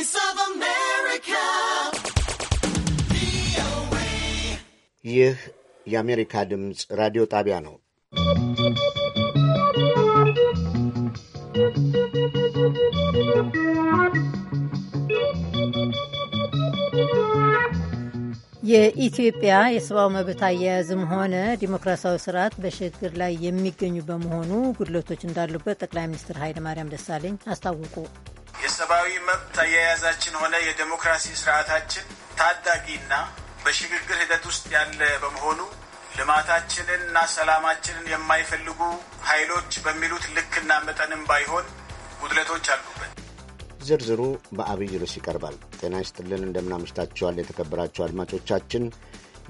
Voice of America. ይህ የአሜሪካ ድምፅ ራዲዮ ጣቢያ ነው። የኢትዮጵያ የሰብአዊ መብት አያያዝም ሆነ ዲሞክራሲያዊ ስርዓት በሽግግር ላይ የሚገኙ በመሆኑ ጉድለቶች እንዳሉበት ጠቅላይ ሚኒስትር ኃይለማርያም ደሳለኝ አስታወቁ። ሰብአዊ መብት አያያዛችን ሆነ የዴሞክራሲ ስርዓታችን ታዳጊና በሽግግር ሂደት ውስጥ ያለ በመሆኑ ልማታችንን እና ሰላማችንን የማይፈልጉ ኃይሎች በሚሉት ልክና መጠንም ባይሆን ጉድለቶች አሉበት። ዝርዝሩ በአብይ ርዕስ ይቀርባል። ጤና ይስጥልን፣ እንደምናምሽታችኋል የተከበራችሁ አድማጮቻችን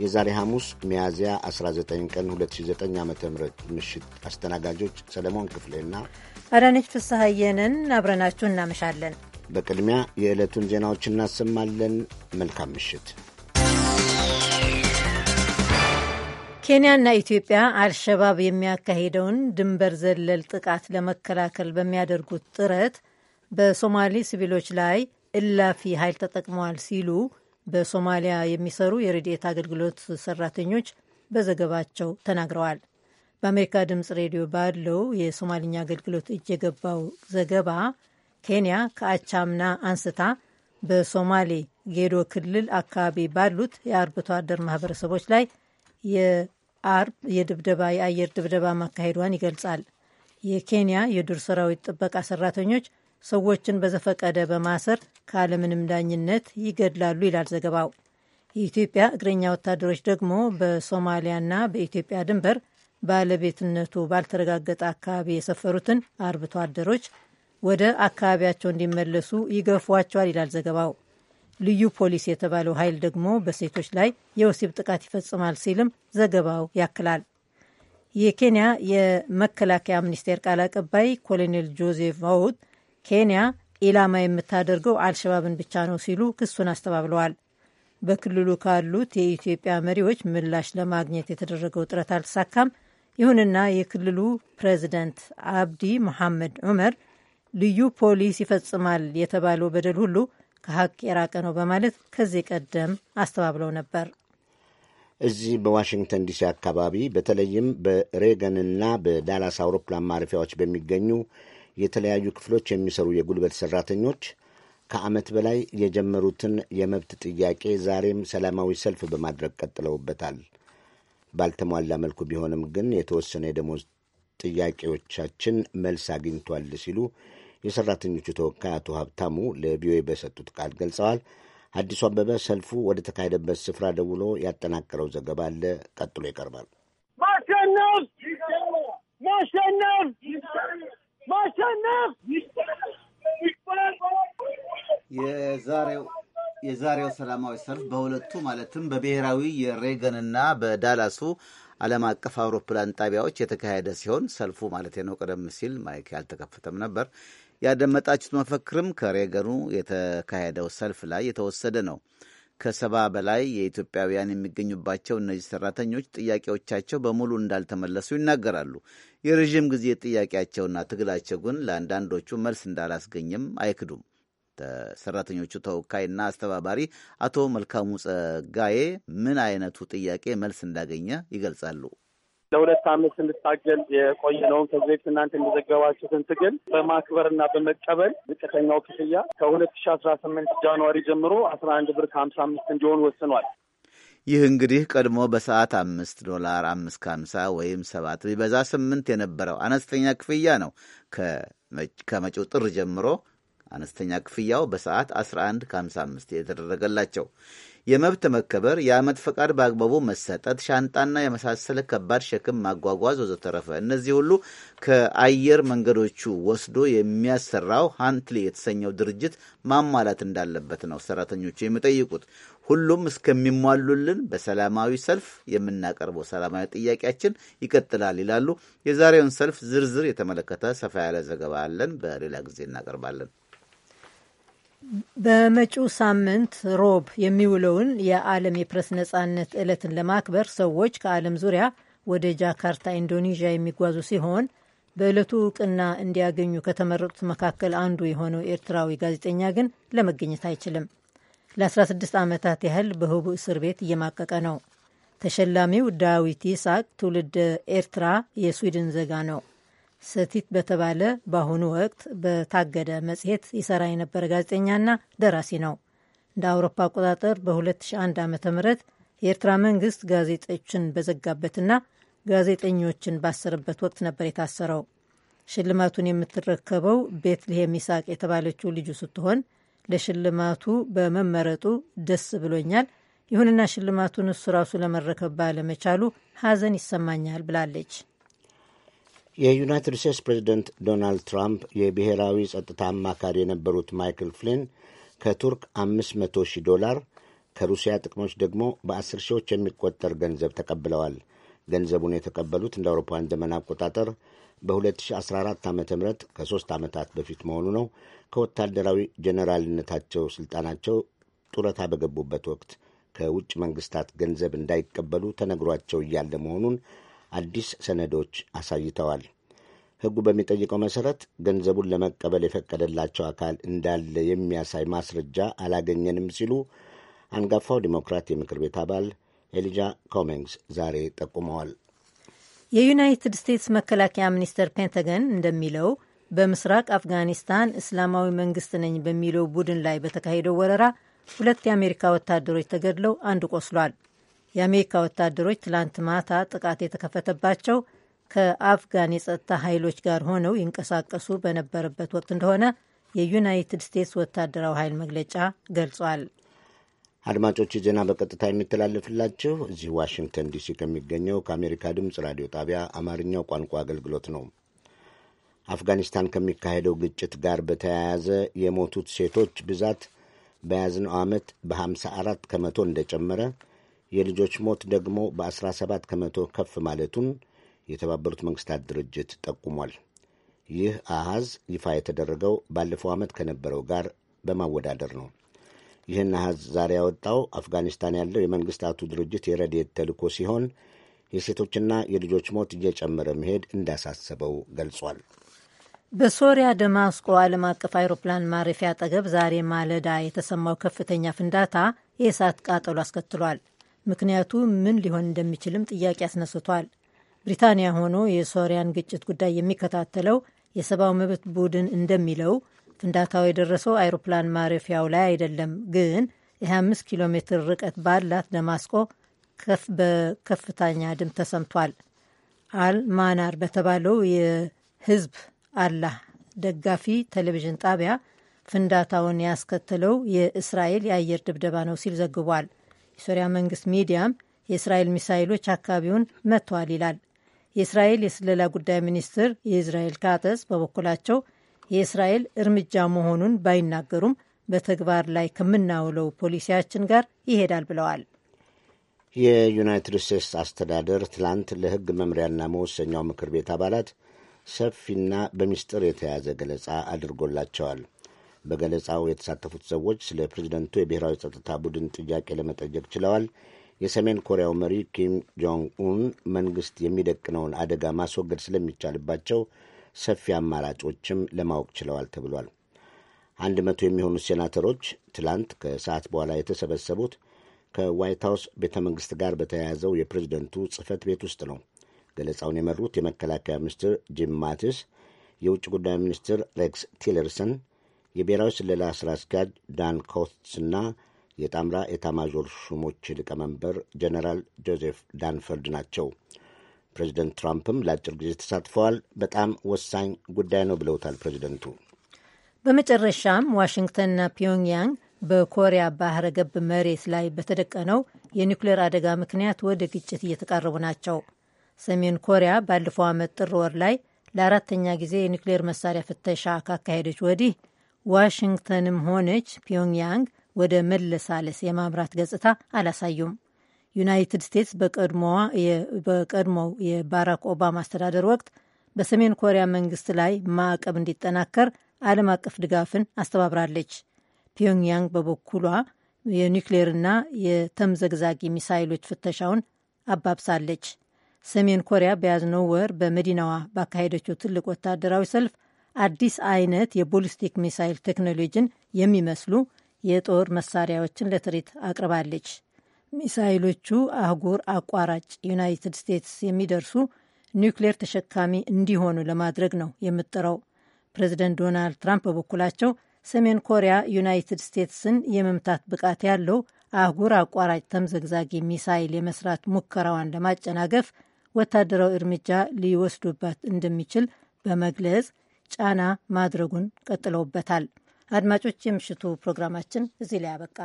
የዛሬ ሐሙስ ሚያዝያ 19 ቀን 2009 ዓ ም ምሽት አስተናጋጆች ሰለሞን ክፍሌና አዳነች ፍስሐየንን አብረናችሁ እናመሻለን። በቅድሚያ የዕለቱን ዜናዎች እናሰማለን። መልካም ምሽት። ኬንያና ኢትዮጵያ አልሸባብ የሚያካሂደውን ድንበር ዘለል ጥቃት ለመከላከል በሚያደርጉት ጥረት በሶማሌ ሲቪሎች ላይ እላፊ ኃይል ተጠቅመዋል ሲሉ በሶማሊያ የሚሰሩ የረድኤት አገልግሎት ሰራተኞች በዘገባቸው ተናግረዋል። በአሜሪካ ድምፅ ሬዲዮ ባለው የሶማልኛ አገልግሎት እጅ የገባው ዘገባ ኬንያ ከአቻምና አንስታ በሶማሌ ጌዶ ክልል አካባቢ ባሉት የአርብቶ አደር ማህበረሰቦች ላይ የአርብ የድብደባ የአየር ድብደባ ማካሄዷን ይገልጻል። የኬንያ የዱር ሰራዊት ጥበቃ ሰራተኞች ሰዎችን በዘፈቀደ በማሰር ካለምንም ዳኝነት ይገድላሉ ይላል ዘገባው። የኢትዮጵያ እግረኛ ወታደሮች ደግሞ በሶማሊያና በኢትዮጵያ ድንበር ባለቤትነቱ ባልተረጋገጠ አካባቢ የሰፈሩትን አርብቶ አደሮች ወደ አካባቢያቸው እንዲመለሱ ይገፏቸዋል ይላል ዘገባው። ልዩ ፖሊስ የተባለው ኃይል ደግሞ በሴቶች ላይ የወሲብ ጥቃት ይፈጽማል ሲልም ዘገባው ያክላል። የኬንያ የመከላከያ ሚኒስቴር ቃል አቀባይ ኮሎኔል ጆዜፍ ማውት ኬንያ ኢላማ የምታደርገው አልሸባብን ብቻ ነው ሲሉ ክሱን አስተባብለዋል። በክልሉ ካሉት የኢትዮጵያ መሪዎች ምላሽ ለማግኘት የተደረገው ጥረት አልተሳካም። ይሁንና የክልሉ ፕሬዚደንት አብዲ መሐመድ ዑመር ልዩ ፖሊስ ይፈጽማል የተባለው በደል ሁሉ ከሀቅ የራቀ ነው በማለት ከዚህ ቀደም አስተባብለው ነበር። እዚህ በዋሽንግተን ዲሲ አካባቢ በተለይም በሬገንና በዳላስ አውሮፕላን ማረፊያዎች በሚገኙ የተለያዩ ክፍሎች የሚሰሩ የጉልበት ሠራተኞች ከዓመት በላይ የጀመሩትን የመብት ጥያቄ ዛሬም ሰላማዊ ሰልፍ በማድረግ ቀጥለውበታል። ባልተሟላ መልኩ ቢሆንም ግን የተወሰነ የደሞዝ ጥያቄዎቻችን መልስ አግኝቷል ሲሉ የሰራተኞቹ ተወካይ አቶ ሀብታሙ ለቪኦኤ በሰጡት ቃል ገልጸዋል። አዲሱ አበበ ሰልፉ ወደ ተካሄደበት ስፍራ ደውሎ ያጠናቀረው ዘገባ አለ፣ ቀጥሎ ይቀርባል። ማሸነፍ ማሸነፍ ማሸነፍ የዛሬው የዛሬው ሰላማዊ ሰልፍ በሁለቱ ማለትም በብሔራዊ የሬገንና በዳላሱ ዓለም አቀፍ አውሮፕላን ጣቢያዎች የተካሄደ ሲሆን ሰልፉ ማለት ነው ቀደም ሲል ማይክ ያልተከፈተም ነበር። ያደመጣችሁት መፈክርም ከሬገኑ የተካሄደው ሰልፍ ላይ የተወሰደ ነው። ከሰባ በላይ የኢትዮጵያውያን የሚገኙባቸው እነዚህ ሰራተኞች ጥያቄዎቻቸው በሙሉ እንዳልተመለሱ ይናገራሉ። የረዥም ጊዜ ጥያቄያቸውና ትግላቸው ግን ለአንዳንዶቹ መልስ እንዳላስገኝም አይክዱም። ሰራተኞቹ ተወካይና አስተባባሪ አቶ መልካሙ ጸጋዬ ምን አይነቱ ጥያቄ መልስ እንዳገኘ ይገልጻሉ። ለሁለት ዓመት ስንታገል የቆየነውን ከዚህ በፊት እናንተ እንደዘገባችሁትን ትግል በማክበርና በመቀበል ዝቅተኛው ክፍያ ከሁለት ሺ አስራ ስምንት ጃንዋሪ ጀምሮ አስራ አንድ ብር ከሀምሳ አምስት እንዲሆን ወስኗል። ይህ እንግዲህ ቀድሞ በሰዓት አምስት ዶላር አምስት ከሀምሳ ወይም ሰባት ቢበዛ ስምንት የነበረው አነስተኛ ክፍያ ነው። ከመጪው ጥር ጀምሮ አነስተኛ ክፍያው በሰዓት 1155 የተደረገላቸው የመብት መከበር፣ የአመት ፈቃድ በአግባቡ መሰጠት፣ ሻንጣና የመሳሰለ ከባድ ሸክም ማጓጓዝ ወዘተረፈ። እነዚህ ሁሉ ከአየር መንገዶቹ ወስዶ የሚያሰራው ሃንትሊ የተሰኘው ድርጅት ማሟላት እንዳለበት ነው ሰራተኞቹ የሚጠይቁት። ሁሉም እስከሚሟሉልን በሰላማዊ ሰልፍ የምናቀርበው ሰላማዊ ጥያቄያችን ይቀጥላል ይላሉ። የዛሬውን ሰልፍ ዝርዝር የተመለከተ ሰፋ ያለ ዘገባ አለን፣ በሌላ ጊዜ እናቀርባለን። በመጪው ሳምንት ሮብ የሚውለውን የዓለም የፕሬስ ነጻነት ዕለትን ለማክበር ሰዎች ከዓለም ዙሪያ ወደ ጃካርታ ኢንዶኔዥያ የሚጓዙ ሲሆን በዕለቱ እውቅና እንዲያገኙ ከተመረጡት መካከል አንዱ የሆነው ኤርትራዊ ጋዜጠኛ ግን ለመገኘት አይችልም። ለ16 ዓመታት ያህል በህቡ እስር ቤት እየማቀቀ ነው። ተሸላሚው ዳዊት ይስሐቅ ትውልድ ኤርትራ የስዊድን ዜጋ ነው። ሰቲት በተባለ በአሁኑ ወቅት በታገደ መጽሔት ይሰራ የነበረ ጋዜጠኛና ደራሲ ነው። እንደ አውሮፓ አቆጣጠር በ2001 ዓ ም የኤርትራ መንግስት ጋዜጦችን በዘጋበትና ጋዜጠኞችን ባሰረበት ወቅት ነበር የታሰረው። ሽልማቱን የምትረከበው ቤትልሔም ይስሐቅ የተባለችው ልጁ ስትሆን ለሽልማቱ በመመረጡ ደስ ብሎኛል፣ ይሁንና ሽልማቱን እሱ ራሱ ለመረከብ ባለመቻሉ ሐዘን ይሰማኛል ብላለች። የዩናይትድ ስቴትስ ፕሬዚደንት ዶናልድ ትራምፕ የብሔራዊ ጸጥታ አማካሪ የነበሩት ማይክል ፍሊን ከቱርክ አምስት መቶ ሺህ ዶላር ከሩሲያ ጥቅሞች ደግሞ በአስር ሺዎች የሚቆጠር ገንዘብ ተቀብለዋል። ገንዘቡን የተቀበሉት እንደ አውሮፓውያን ዘመን አቆጣጠር በ2014 ዓ ም ከሦስት ዓመታት በፊት መሆኑ ነው። ከወታደራዊ ጀኔራልነታቸው ሥልጣናቸው ጡረታ በገቡበት ወቅት ከውጭ መንግስታት ገንዘብ እንዳይቀበሉ ተነግሯቸው እያለ መሆኑን አዲስ ሰነዶች አሳይተዋል። ሕጉ በሚጠይቀው መሠረት ገንዘቡን ለመቀበል የፈቀደላቸው አካል እንዳለ የሚያሳይ ማስረጃ አላገኘንም ሲሉ አንጋፋው ዲሞክራት የምክር ቤት አባል ኤሊጃ ኮሚንግስ ዛሬ ጠቁመዋል። የዩናይትድ ስቴትስ መከላከያ ሚኒስቴር ፔንተገን እንደሚለው በምስራቅ አፍጋኒስታን እስላማዊ መንግስት ነኝ በሚለው ቡድን ላይ በተካሄደው ወረራ ሁለት የአሜሪካ ወታደሮች ተገድለው አንዱ ቆስሏል። የአሜሪካ ወታደሮች ትላንት ማታ ጥቃት የተከፈተባቸው ከአፍጋን የጸጥታ ኃይሎች ጋር ሆነው ይንቀሳቀሱ በነበረበት ወቅት እንደሆነ የዩናይትድ ስቴትስ ወታደራዊ ኃይል መግለጫ ገልጿል። አድማጮች ዜና በቀጥታ የሚተላለፍላችሁ እዚህ ዋሽንግተን ዲሲ ከሚገኘው ከአሜሪካ ድምፅ ራዲዮ ጣቢያ አማርኛው ቋንቋ አገልግሎት ነው። አፍጋኒስታን ከሚካሄደው ግጭት ጋር በተያያዘ የሞቱት ሴቶች ብዛት በያዝነው ዓመት በ54 ከመቶ እንደጨመረ የልጆች ሞት ደግሞ በ17 ከመቶ ከፍ ማለቱን የተባበሩት መንግስታት ድርጅት ጠቁሟል። ይህ አሃዝ ይፋ የተደረገው ባለፈው ዓመት ከነበረው ጋር በማወዳደር ነው። ይህን አሃዝ ዛሬ ያወጣው አፍጋኒስታን ያለው የመንግስታቱ ድርጅት የረድኤት ተልዕኮ ሲሆን የሴቶችና የልጆች ሞት እየጨመረ መሄድ እንዳሳሰበው ገልጿል። በሶሪያ ደማስቆ ዓለም አቀፍ አይሮፕላን ማረፊያ አጠገብ ዛሬ ማለዳ የተሰማው ከፍተኛ ፍንዳታ የእሳት ቃጠሎ አስከትሏል። ምክንያቱ ምን ሊሆን እንደሚችልም ጥያቄ አስነስቷል። ብሪታንያ ሆኖ የሶሪያን ግጭት ጉዳይ የሚከታተለው የሰብአዊ መብት ቡድን እንደሚለው ፍንዳታው የደረሰው አይሮፕላን ማረፊያው ላይ አይደለም፣ ግን የ25 ኪሎ ሜትር ርቀት ባላት ደማስቆ በከፍተኛ ድምፅ ተሰምቷል። አልማናር በተባለው የህዝብ አላህ ደጋፊ ቴሌቪዥን ጣቢያ ፍንዳታውን ያስከተለው የእስራኤል የአየር ድብደባ ነው ሲል ዘግቧል። የሶሪያ መንግስት ሚዲያም የእስራኤል ሚሳይሎች አካባቢውን መጥተዋል ይላል። የእስራኤል የስለላ ጉዳይ ሚኒስትር የእስራኤል ካተስ በበኩላቸው የእስራኤል እርምጃ መሆኑን ባይናገሩም በተግባር ላይ ከምናውለው ፖሊሲያችን ጋር ይሄዳል ብለዋል። የዩናይትድ ስቴትስ አስተዳደር ትላንት ለሕግ መምሪያና መወሰኛው ምክር ቤት አባላት ሰፊና በሚስጥር የተያዘ ገለጻ አድርጎላቸዋል። በገለጻው የተሳተፉት ሰዎች ስለ ፕሬዚደንቱ የብሔራዊ ጸጥታ ቡድን ጥያቄ ለመጠየቅ ችለዋል። የሰሜን ኮሪያው መሪ ኪም ጆንግ ኡን መንግስት የሚደቅነውን አደጋ ማስወገድ ስለሚቻልባቸው ሰፊ አማራጮችም ለማወቅ ችለዋል ተብሏል። አንድ መቶ የሚሆኑ ሴናተሮች ትላንት ከሰዓት በኋላ የተሰበሰቡት ከዋይት ሀውስ ቤተ መንግስት ጋር በተያያዘው የፕሬዝደንቱ ጽህፈት ቤት ውስጥ ነው። ገለጻውን የመሩት የመከላከያ ሚኒስትር ጂም ማቲስ፣ የውጭ ጉዳይ ሚኒስትር ሬክስ ቲለርሰን የብሔራዊ ስለላ ስራ አስኪያጅ ዳን ኮትስና የጣምራ ኤታማዦር ሹሞች ሊቀመንበር ጀነራል ጆዜፍ ዳንፈርድ ናቸው። ፕሬዚደንት ትራምፕም ለአጭር ጊዜ ተሳትፈዋል። በጣም ወሳኝ ጉዳይ ነው ብለውታል ፕሬዚደንቱ። በመጨረሻም ዋሽንግተንና ፒዮንግያንግ በኮሪያ ባህረ ገብ መሬት ላይ በተደቀነው የኒኩሌር አደጋ ምክንያት ወደ ግጭት እየተቃረቡ ናቸው። ሰሜን ኮሪያ ባለፈው ዓመት ጥር ወር ላይ ለአራተኛ ጊዜ የኒኩሌር መሳሪያ ፍተሻ ካካሄደች ወዲህ ዋሽንግተንም ሆነች ፒዮንግያንግ ወደ መለሳለስ የማምራት ገጽታ አላሳዩም። ዩናይትድ ስቴትስ በቀድሞው የባራክ ኦባማ አስተዳደር ወቅት በሰሜን ኮሪያ መንግስት ላይ ማዕቀብ እንዲጠናከር ዓለም አቀፍ ድጋፍን አስተባብራለች። ፒዮንግያንግ በበኩሏ የኒውክሌርና የተምዘግዛጊ ሚሳይሎች ፍተሻውን አባብሳለች። ሰሜን ኮሪያ በያዝነው ወር በመዲናዋ ባካሄደችው ትልቅ ወታደራዊ ሰልፍ አዲስ አይነት የቦሊስቲክ ሚሳይል ቴክኖሎጂን የሚመስሉ የጦር መሳሪያዎችን ለትርኢት አቅርባለች። ሚሳይሎቹ አህጉር አቋራጭ ዩናይትድ ስቴትስ የሚደርሱ ኒውክሌር ተሸካሚ እንዲሆኑ ለማድረግ ነው የምጥረው። ፕሬዚደንት ዶናልድ ትራምፕ በበኩላቸው ሰሜን ኮሪያ ዩናይትድ ስቴትስን የመምታት ብቃት ያለው አህጉር አቋራጭ ተምዘግዛጊ ሚሳይል የመስራት ሙከራዋን ለማጨናገፍ ወታደራዊ እርምጃ ሊወስዱባት እንደሚችል በመግለጽ ጫና ማድረጉን ቀጥለውበታል። አድማጮች፣ የምሽቱ ፕሮግራማችን እዚህ ላይ አበቃ።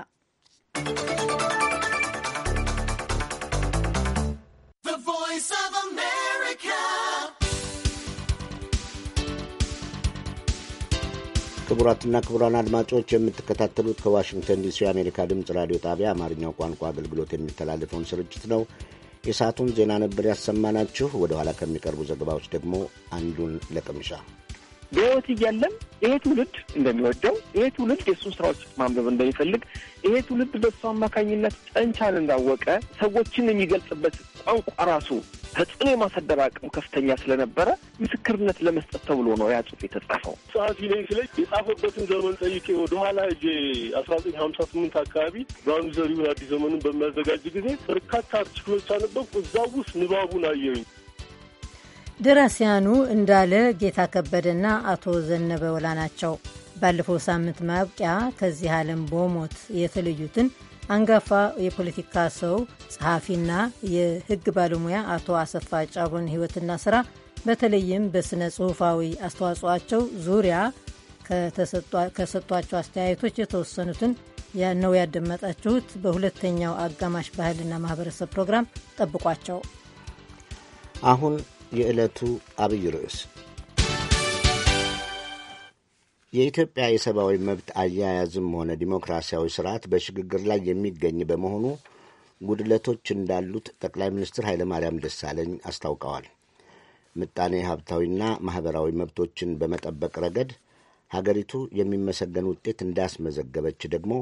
ክቡራትና ክቡራን አድማጮች የምትከታተሉት ከዋሽንግተን ዲሲ የአሜሪካ ድምፅ ራዲዮ ጣቢያ አማርኛው ቋንቋ አገልግሎት የሚተላለፈውን ስርጭት ነው። የሰዓቱን ዜና ነበር ያሰማናችሁ። ወደ ኋላ ከሚቀርቡ ዘገባዎች ደግሞ አንዱን ለቅምሻ በህይወት እያለም ይሄ ትውልድ እንደሚወደው ይሄ ትውልድ የእሱን ስራዎች ማንበብ እንደሚፈልግ ይሄ ትውልድ በእሱ አማካኝነት ጨንቻን እንዳወቀ ሰዎችን የሚገልጽበት ቋንቋ ራሱ ተጽዕኖ የማሳደር አቅም ከፍተኛ ስለነበረ ምስክርነት ለመስጠት ተብሎ ነው ያ ጽሁፍ የተጻፈው። ጸሐፊ ነኝ ስለ የጻፈበትን ዘመን ጠይቄ ወደኋላ ሄጄ አስራ ዘጠኝ ሀምሳ ስምንት አካባቢ ብርሃኑ ዘሪሁን አዲስ ዘመኑን በሚያዘጋጅ ጊዜ በርካታ አርቲክሎች አነበብኩ። እዛ ውስጥ ንባቡን አየሁኝ። ደራሲያኑ እንዳለ ጌታ ከበደና አቶ ዘነበ ወላ ናቸው። ባለፈው ሳምንት ማብቂያ ከዚህ ዓለም በሞት የተለዩትን አንጋፋ የፖለቲካ ሰው ጸሐፊና የሕግ ባለሙያ አቶ አሰፋ ጫቦን ሕይወትና ስራ በተለይም በሥነ ጽሑፋዊ አስተዋጽኦአቸው ዙሪያ ከሰጧቸው አስተያየቶች የተወሰኑትን ነው ያደመጣችሁት። በሁለተኛው አጋማሽ ባህልና ማህበረሰብ ፕሮግራም ጠብቋቸው። አሁን የዕለቱ አብይ ርዕስ የኢትዮጵያ የሰብአዊ መብት አያያዝም ሆነ ዲሞክራሲያዊ ስርዓት በሽግግር ላይ የሚገኝ በመሆኑ ጉድለቶች እንዳሉት ጠቅላይ ሚኒስትር ኃይለማርያም ደሳለኝ አስታውቀዋል። ምጣኔ ሀብታዊና ማኅበራዊ መብቶችን በመጠበቅ ረገድ ሀገሪቱ የሚመሰገን ውጤት እንዳስመዘገበች ደግሞ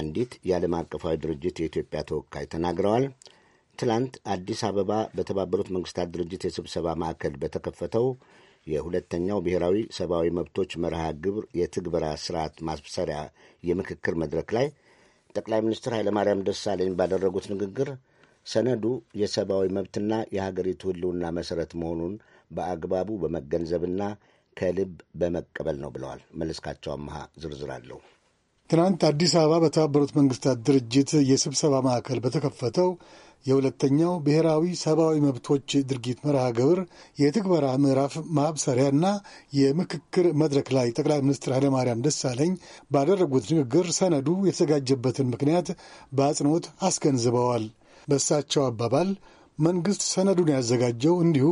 አንዲት የዓለም አቀፋዊ ድርጅት የኢትዮጵያ ተወካይ ተናግረዋል። ትላንት አዲስ አበባ በተባበሩት መንግስታት ድርጅት የስብሰባ ማዕከል በተከፈተው የሁለተኛው ብሔራዊ ሰብአዊ መብቶች መርሃ ግብር የትግበራ ስርዓት ማብሰሪያ የምክክር መድረክ ላይ ጠቅላይ ሚኒስትር ኃይለማርያም ደሳለኝ ባደረጉት ንግግር ሰነዱ የሰብአዊ መብትና የሀገሪቱ ህልውና መሰረት መሆኑን በአግባቡ በመገንዘብና ከልብ በመቀበል ነው ብለዋል። መለስካቸው አመሃ ዝርዝር አለው። ትናንት አዲስ አበባ በተባበሩት መንግስታት ድርጅት የስብሰባ ማዕከል በተከፈተው የሁለተኛው ብሔራዊ ሰብአዊ መብቶች ድርጊት መርሃ ግብር የትግበራ ምዕራፍ ማብሰሪያና የምክክር መድረክ ላይ ጠቅላይ ሚኒስትር ኃይለማርያም ደሳለኝ ባደረጉት ንግግር ሰነዱ የተዘጋጀበትን ምክንያት በአጽንኦት አስገንዝበዋል። በእሳቸው አባባል መንግሥት ሰነዱን ያዘጋጀው እንዲሁ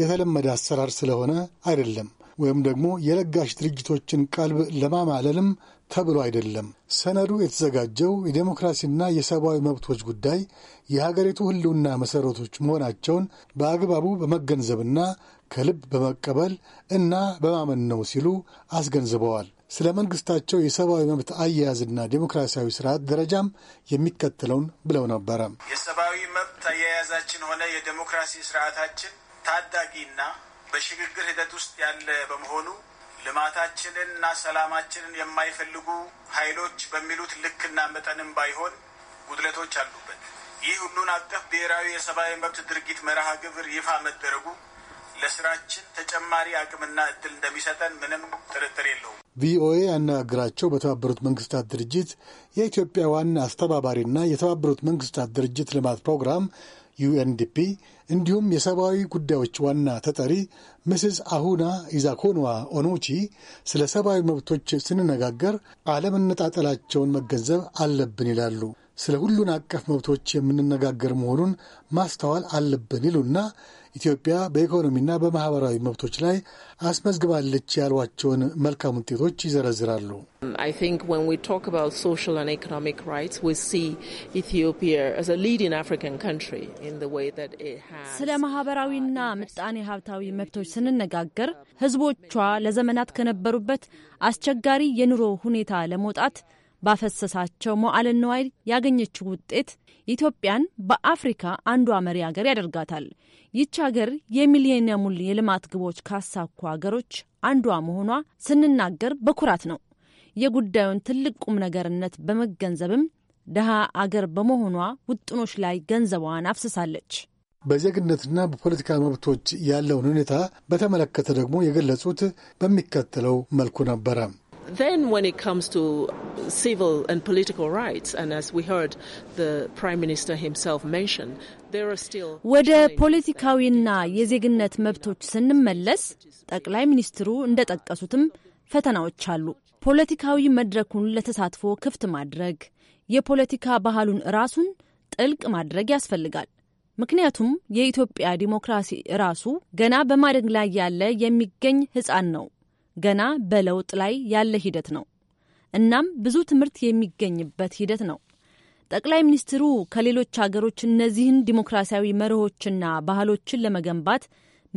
የተለመደ አሰራር ስለሆነ አይደለም ወይም ደግሞ የለጋሽ ድርጅቶችን ቀልብ ለማማለልም ተብሎ አይደለም። ሰነዱ የተዘጋጀው የዴሞክራሲና የሰብአዊ መብቶች ጉዳይ የሀገሪቱ ሕልውና መሠረቶች መሆናቸውን በአግባቡ በመገንዘብና ከልብ በመቀበል እና በማመን ነው ሲሉ አስገንዝበዋል። ስለ መንግስታቸው የሰብአዊ መብት አያያዝና ዴሞክራሲያዊ ስርዓት ደረጃም የሚከተለውን ብለው ነበረ። የሰብአዊ መብት አያያዛችን ሆነ የዴሞክራሲ ስርዓታችን ታዳጊና በሽግግር ሂደት ውስጥ ያለ በመሆኑ ልማታችንንና ሰላማችንን የማይፈልጉ ኃይሎች በሚሉት ልክና መጠንም ባይሆን ጉድለቶች አሉበት። ይህ ሁሉን አቀፍ ብሔራዊ የሰብአዊ መብት ድርጊት መርሃ ግብር ይፋ መደረጉ ለስራችን ተጨማሪ አቅምና እድል እንደሚሰጠን ምንም ጥርጥር የለውም። ቪኦኤ ያነጋግራቸው በተባበሩት መንግስታት ድርጅት የኢትዮጵያ ዋና አስተባባሪና የተባበሩት መንግስታት ድርጅት ልማት ፕሮግራም ዩኤንዲፒ እንዲሁም የሰብአዊ ጉዳዮች ዋና ተጠሪ ምስስ አሁና ኢዛኮንዋ ኦኖቺ ስለ ሰብአዊ መብቶች ስንነጋገር አለመነጣጠላቸውን መገንዘብ አለብን ይላሉ። ስለ ሁሉን አቀፍ መብቶች የምንነጋገር መሆኑን ማስተዋል አለብን ይሉና ኢትዮጵያ በኢኮኖሚና በማህበራዊ መብቶች ላይ አስመዝግባለች ያሏቸውን መልካም ውጤቶች ይዘረዝራሉ። ስለ ማህበራዊና ምጣኔ ሀብታዊ መብቶች ስንነጋገር ህዝቦቿ ለዘመናት ከነበሩበት አስቸጋሪ የኑሮ ሁኔታ ለመውጣት ባፈሰሳቸው መዋዕለ ንዋይ ያገኘችው ውጤት ኢትዮጵያን በአፍሪካ አንዷ መሪ ሀገር ያደርጋታል። ይች ሀገር የሚሊኒየሙን የልማት ግቦች ካሳኩ ሀገሮች አንዷ መሆኗ ስንናገር በኩራት ነው። የጉዳዩን ትልቅ ቁም ነገርነት በመገንዘብም ድሃ አገር በመሆኗ ውጥኖች ላይ ገንዘቧን አፍስሳለች። በዜግነትና በፖለቲካ መብቶች ያለውን ሁኔታ በተመለከተ ደግሞ የገለጹት በሚከተለው መልኩ ነበረ። Then, when it comes to civil and political rights, and as we heard the Prime Minister himself mention, ወደ ፖለቲካዊና የዜግነት መብቶች ስንመለስ ጠቅላይ ሚኒስትሩ እንደጠቀሱትም ፈተናዎች አሉ። ፖለቲካዊ መድረኩን ለተሳትፎ ክፍት ማድረግ፣ የፖለቲካ ባህሉን ራሱን ጥልቅ ማድረግ ያስፈልጋል። ምክንያቱም የኢትዮጵያ ዲሞክራሲ ራሱ ገና በማደግ ላይ ያለ የሚገኝ ሕፃን ነው። ገና በለውጥ ላይ ያለ ሂደት ነው። እናም ብዙ ትምህርት የሚገኝበት ሂደት ነው። ጠቅላይ ሚኒስትሩ ከሌሎች ሀገሮች እነዚህን ዲሞክራሲያዊ መርሆችና ባህሎችን ለመገንባት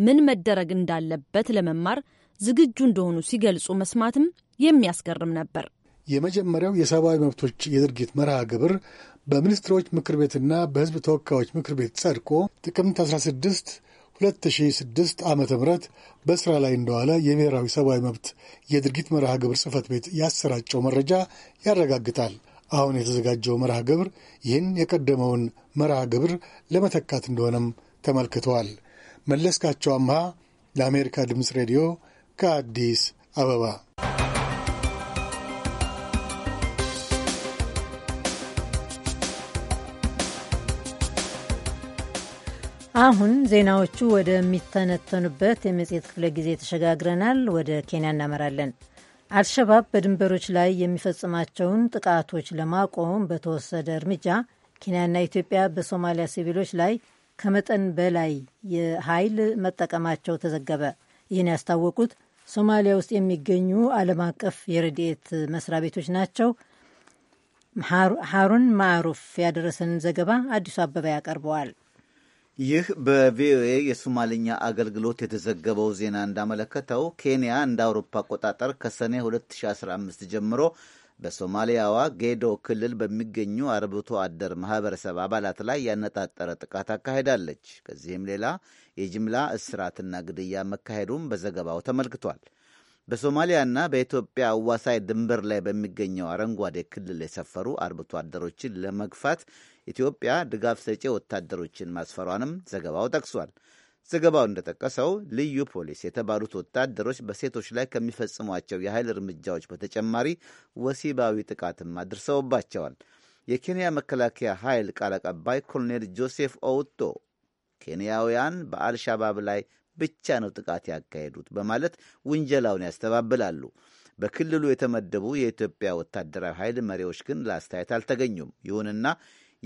ምን መደረግ እንዳለበት ለመማር ዝግጁ እንደሆኑ ሲገልጹ መስማትም የሚያስገርም ነበር። የመጀመሪያው የሰብአዊ መብቶች የድርጊት መርሃ ግብር በሚኒስትሮች ምክር ቤትና በሕዝብ ተወካዮች ምክር ቤት ጸድቆ ጥቅምት 16 2006 ዓ ም በሥራ ላይ እንደዋለ የብሔራዊ ሰብአዊ መብት የድርጊት መርሃ ግብር ጽህፈት ቤት ያሰራጨው መረጃ ያረጋግጣል። አሁን የተዘጋጀው መርሃ ግብር ይህን የቀደመውን መርሃ ግብር ለመተካት እንደሆነም ተመልክተዋል። መለስካቸው አምሃ ለአሜሪካ ድምፅ ሬዲዮ ከአዲስ አበባ አሁን ዜናዎቹ ወደሚተነተኑበት የመጽሔት ክፍለ ጊዜ ተሸጋግረናል። ወደ ኬንያ እናመራለን። አልሸባብ በድንበሮች ላይ የሚፈጽማቸውን ጥቃቶች ለማቆም በተወሰደ እርምጃ ኬንያና ኢትዮጵያ በሶማሊያ ሲቪሎች ላይ ከመጠን በላይ የኃይል መጠቀማቸው ተዘገበ። ይህን ያስታወቁት ሶማሊያ ውስጥ የሚገኙ ዓለም አቀፍ የረድኤት መስሪያ ቤቶች ናቸው። ሐሩን ማዕሩፍ ያደረሰን ዘገባ አዲሱ አበባ ያቀርበዋል። ይህ በቪኦኤ የሶማልኛ አገልግሎት የተዘገበው ዜና እንዳመለከተው ኬንያ እንደ አውሮፓ አቆጣጠር ከሰኔ 2015 ጀምሮ በሶማሊያዋ ጌዶ ክልል በሚገኙ አርብቶ አደር ማህበረሰብ አባላት ላይ ያነጣጠረ ጥቃት አካሄዳለች። ከዚህም ሌላ የጅምላ እስራትና ግድያ መካሄዱም በዘገባው ተመልክቷል። በሶማሊያና በኢትዮጵያ አዋሳይ ድንበር ላይ በሚገኘው አረንጓዴ ክልል የሰፈሩ አርብቶ አደሮችን ለመግፋት ኢትዮጵያ ድጋፍ ሰጪ ወታደሮችን ማስፈሯንም ዘገባው ጠቅሷል። ዘገባው እንደጠቀሰው ልዩ ፖሊስ የተባሉት ወታደሮች በሴቶች ላይ ከሚፈጽሟቸው የኃይል እርምጃዎች በተጨማሪ ወሲባዊ ጥቃትም አድርሰውባቸዋል። የኬንያ መከላከያ ኃይል ቃል አቀባይ ኮሎኔል ጆሴፍ ኦውቶ ኬንያውያን በአልሻባብ ላይ ብቻ ነው ጥቃት ያካሄዱት በማለት ውንጀላውን ያስተባብላሉ። በክልሉ የተመደቡ የኢትዮጵያ ወታደራዊ ኃይል መሪዎች ግን ለአስተያየት አልተገኙም። ይሁንና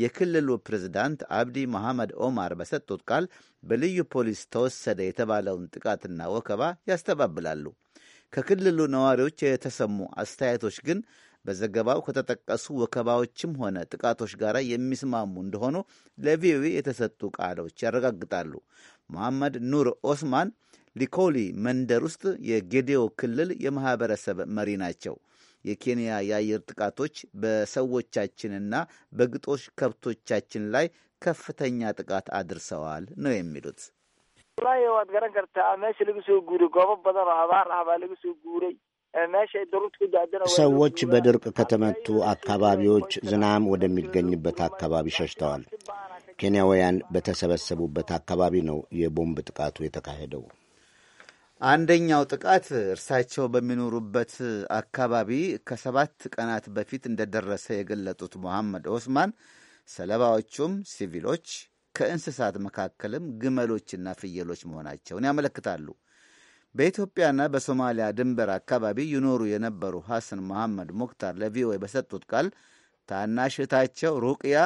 የክልሉ ፕሬዝዳንት አብዲ መሐመድ ኦማር በሰጡት ቃል በልዩ ፖሊስ ተወሰደ የተባለውን ጥቃትና ወከባ ያስተባብላሉ። ከክልሉ ነዋሪዎች የተሰሙ አስተያየቶች ግን በዘገባው ከተጠቀሱ ወከባዎችም ሆነ ጥቃቶች ጋር የሚስማሙ እንደሆኑ ለቪኦኤ የተሰጡ ቃሎች ያረጋግጣሉ። መሐመድ ኑር ኦስማን ሊኮሊ መንደር ውስጥ የጌዴዮ ክልል የማኅበረሰብ መሪ ናቸው። የኬንያ የአየር ጥቃቶች በሰዎቻችንና በግጦሽ ከብቶቻችን ላይ ከፍተኛ ጥቃት አድርሰዋል ነው የሚሉት። ገረን ከርታ መሽ ልግሱ ጉሪ በደር አባር አባ ልግሱ ጉሪ ሰዎች በድርቅ ከተመቱ አካባቢዎች ዝናም ወደሚገኝበት አካባቢ ሸሽተዋል። ኬንያውያን በተሰበሰቡበት አካባቢ ነው የቦምብ ጥቃቱ የተካሄደው። አንደኛው ጥቃት እርሳቸው በሚኖሩበት አካባቢ ከሰባት ቀናት በፊት እንደደረሰ የገለጡት ሞሐመድ ኦስማን ሰለባዎቹም ሲቪሎች ከእንስሳት መካከልም ግመሎችና ፍየሎች መሆናቸውን ያመለክታሉ። በኢትዮጵያና በሶማሊያ ድንበር አካባቢ ይኖሩ የነበሩ ሐሰን መሐመድ ሙክታር ለቪኦኤ በሰጡት ቃል ታናሽ እህታቸው ሩቅያ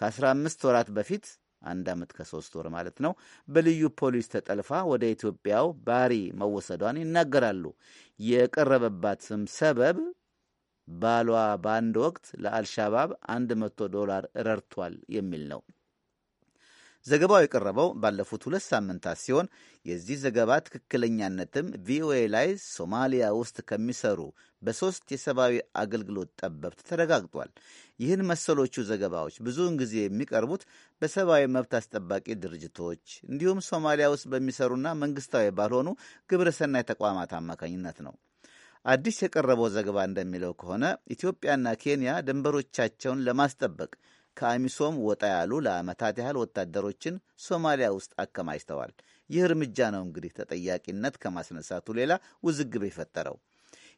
ከ15 ወራት በፊት አንድ ዓመት ከሶስት ወር ማለት ነው። በልዩ ፖሊስ ተጠልፋ ወደ ኢትዮጵያው ባሪ መወሰዷን ይናገራሉ። የቀረበባትም ሰበብ ባሏ በአንድ ወቅት ለአልሻባብ አንድ መቶ ዶላር ረድቷል የሚል ነው። ዘገባው የቀረበው ባለፉት ሁለት ሳምንታት ሲሆን የዚህ ዘገባ ትክክለኛነትም ቪኦኤ ላይ ሶማሊያ ውስጥ ከሚሰሩ በሶስት የሰብአዊ አገልግሎት ጠበብት ተረጋግጧል። ይህን መሰሎቹ ዘገባዎች ብዙውን ጊዜ የሚቀርቡት በሰብአዊ መብት አስጠባቂ ድርጅቶች እንዲሁም ሶማሊያ ውስጥ በሚሰሩና መንግስታዊ ባልሆኑ ግብረሰናይ ተቋማት አማካኝነት ነው። አዲስ የቀረበው ዘገባ እንደሚለው ከሆነ ኢትዮጵያና ኬንያ ድንበሮቻቸውን ለማስጠበቅ ከአሚሶም ወጣ ያሉ ለዓመታት ያህል ወታደሮችን ሶማሊያ ውስጥ አከማችተዋል። ይህ እርምጃ ነው እንግዲህ ተጠያቂነት ከማስነሳቱ ሌላ ውዝግብ የፈጠረው።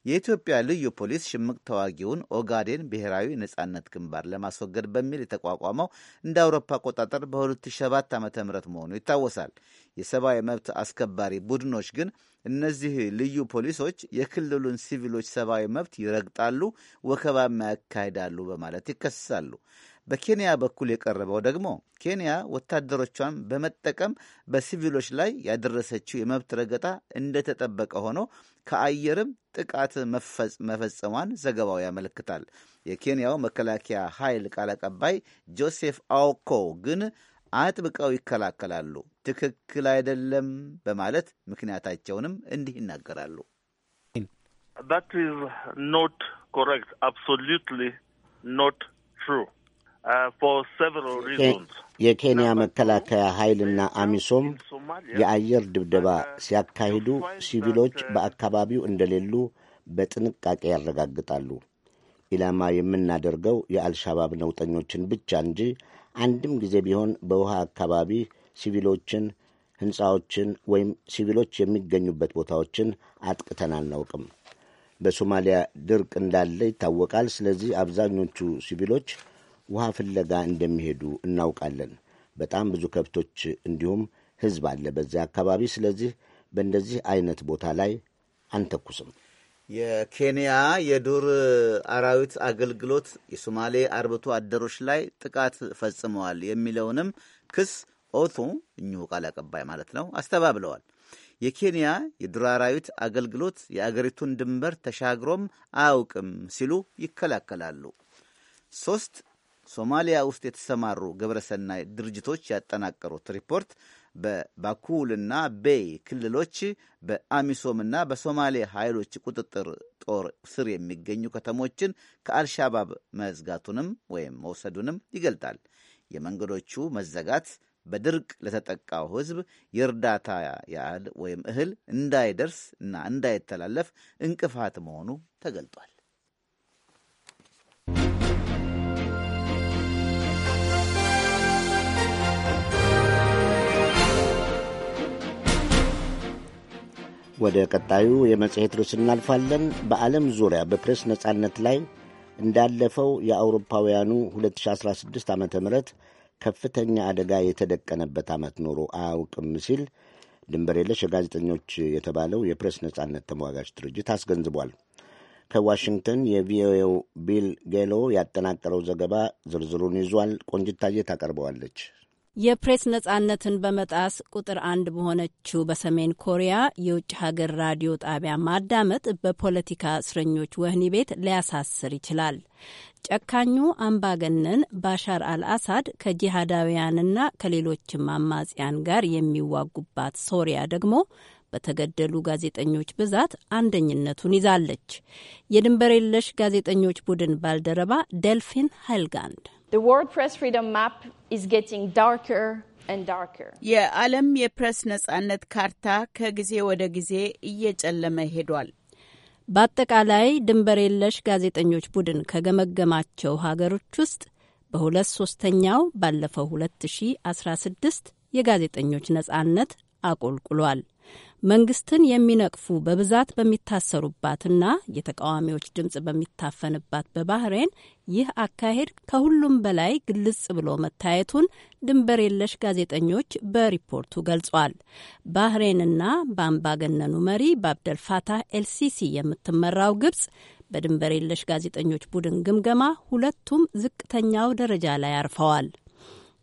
የኢትዮጵያ ልዩ ፖሊስ ሽምቅ ተዋጊውን ኦጋዴን ብሔራዊ ነጻነት ግንባር ለማስወገድ በሚል የተቋቋመው እንደ አውሮፓ አቆጣጠር በ2007 ዓ ም መሆኑ ይታወሳል። የሰብአዊ መብት አስከባሪ ቡድኖች ግን እነዚህ ልዩ ፖሊሶች የክልሉን ሲቪሎች ሰብአዊ መብት ይረግጣሉ፣ ወከባም ያካሂዳሉ በማለት ይከስሳሉ። በኬንያ በኩል የቀረበው ደግሞ ኬንያ ወታደሮቿን በመጠቀም በሲቪሎች ላይ ያደረሰችው የመብት ረገጣ እንደተጠበቀ ሆኖ ከአየርም ጥቃት መፈጸሟን ዘገባው ያመለክታል። የኬንያው መከላከያ ኃይል ቃል አቀባይ ጆሴፍ አውኮ ግን አጥብቀው ይከላከላሉ። ትክክል አይደለም በማለት ምክንያታቸውንም እንዲህ ይናገራሉ። That Uh, የኬንያ መከላከያ ኃይልና አሚሶም የአየር ድብደባ uh, ሲያካሂዱ ሲቪሎች uh, በአካባቢው እንደሌሉ በጥንቃቄ ያረጋግጣሉ። ኢላማ የምናደርገው የአልሻባብ ነውጠኞችን ብቻ እንጂ አንድም ጊዜ ቢሆን በውሃ አካባቢ ሲቪሎችን፣ ሕንፃዎችን ወይም ሲቪሎች የሚገኙበት ቦታዎችን አጥቅተን አናውቅም። በሶማሊያ ድርቅ እንዳለ ይታወቃል። ስለዚህ አብዛኞቹ ሲቪሎች ውሃ ፍለጋ እንደሚሄዱ እናውቃለን። በጣም ብዙ ከብቶች እንዲሁም ሕዝብ አለ በዚያ አካባቢ። ስለዚህ በእንደዚህ አይነት ቦታ ላይ አንተኩስም። የኬንያ የዱር አራዊት አገልግሎት የሶማሌ አርብቶ አደሮች ላይ ጥቃት ፈጽመዋል የሚለውንም ክስ ኦቶ እኚሁ ቃል አቀባይ ማለት ነው አስተባብለዋል። የኬንያ የዱር አራዊት አገልግሎት የአገሪቱን ድንበር ተሻግሮም አያውቅም ሲሉ ይከላከላሉ። ሶስት ሶማሊያ ውስጥ የተሰማሩ ግብረሰናይ ድርጅቶች ያጠናቀሩት ሪፖርት በባኩልና ቤይ ክልሎች በአሚሶምና በሶማሌ ኃይሎች ቁጥጥር ጦር ስር የሚገኙ ከተሞችን ከአልሻባብ መዝጋቱንም ወይም መውሰዱንም ይገልጣል። የመንገዶቹ መዘጋት በድርቅ ለተጠቃው ሕዝብ የእርዳታ ያህል ወይም እህል እንዳይደርስ እና እንዳይተላለፍ እንቅፋት መሆኑ ተገልጧል። ወደ ቀጣዩ የመጽሔት ርዕስ እናልፋለን። በዓለም ዙሪያ በፕሬስ ነጻነት ላይ እንዳለፈው የአውሮፓውያኑ 2016 ዓ ም ከፍተኛ አደጋ የተደቀነበት ዓመት ኖሮ አያውቅም ሲል ድንበር የለሽ የጋዜጠኞች የተባለው የፕሬስ ነጻነት ተሟጋች ድርጅት አስገንዝቧል። ከዋሽንግተን የቪኦኤው ቢል ጌሎ ያጠናቀረው ዘገባ ዝርዝሩን ይዟል። ቆንጅታየት ታቀርበዋለች። የፕሬስ ነጻነትን በመጣስ ቁጥር አንድ በሆነችው በሰሜን ኮሪያ የውጭ ሀገር ራዲዮ ጣቢያ ማዳመጥ በፖለቲካ እስረኞች ወህኒ ቤት ሊያሳስር ይችላል። ጨካኙ አምባገነን ባሻር አልአሳድ ከጂሃዳውያንና ከሌሎችም አማጽያን ጋር የሚዋጉባት ሶሪያ ደግሞ በተገደሉ ጋዜጠኞች ብዛት አንደኝነቱን ይዛለች። የድንበር የለሽ ጋዜጠኞች ቡድን ባልደረባ ደልፊን ሃይልጋንድ The Press freedom map is getting darker and darker. የዓለም የፕሬስ ነጻነት ካርታ ከጊዜ ወደ ጊዜ እየጨለመ ሄዷል። በአጠቃላይ ድንበር የለሽ ጋዜጠኞች ቡድን ከገመገማቸው ሀገሮች ውስጥ በሁለት ሶስተኛው ባለፈው 2016 የጋዜጠኞች ነጻነት አቆልቁሏል። መንግስትን የሚነቅፉ በብዛት በሚታሰሩባትና የተቃዋሚዎች ድምፅ በሚታፈንባት በባህሬን ይህ አካሄድ ከሁሉም በላይ ግልጽ ብሎ መታየቱን ድንበር የለሽ ጋዜጠኞች በሪፖርቱ ገልጿል። ባህሬንና በአምባገነኑ መሪ በአብደልፋታህ ኤልሲሲ የምትመራው ግብጽ በድንበር የለሽ ጋዜጠኞች ቡድን ግምገማ ሁለቱም ዝቅተኛው ደረጃ ላይ አርፈዋል።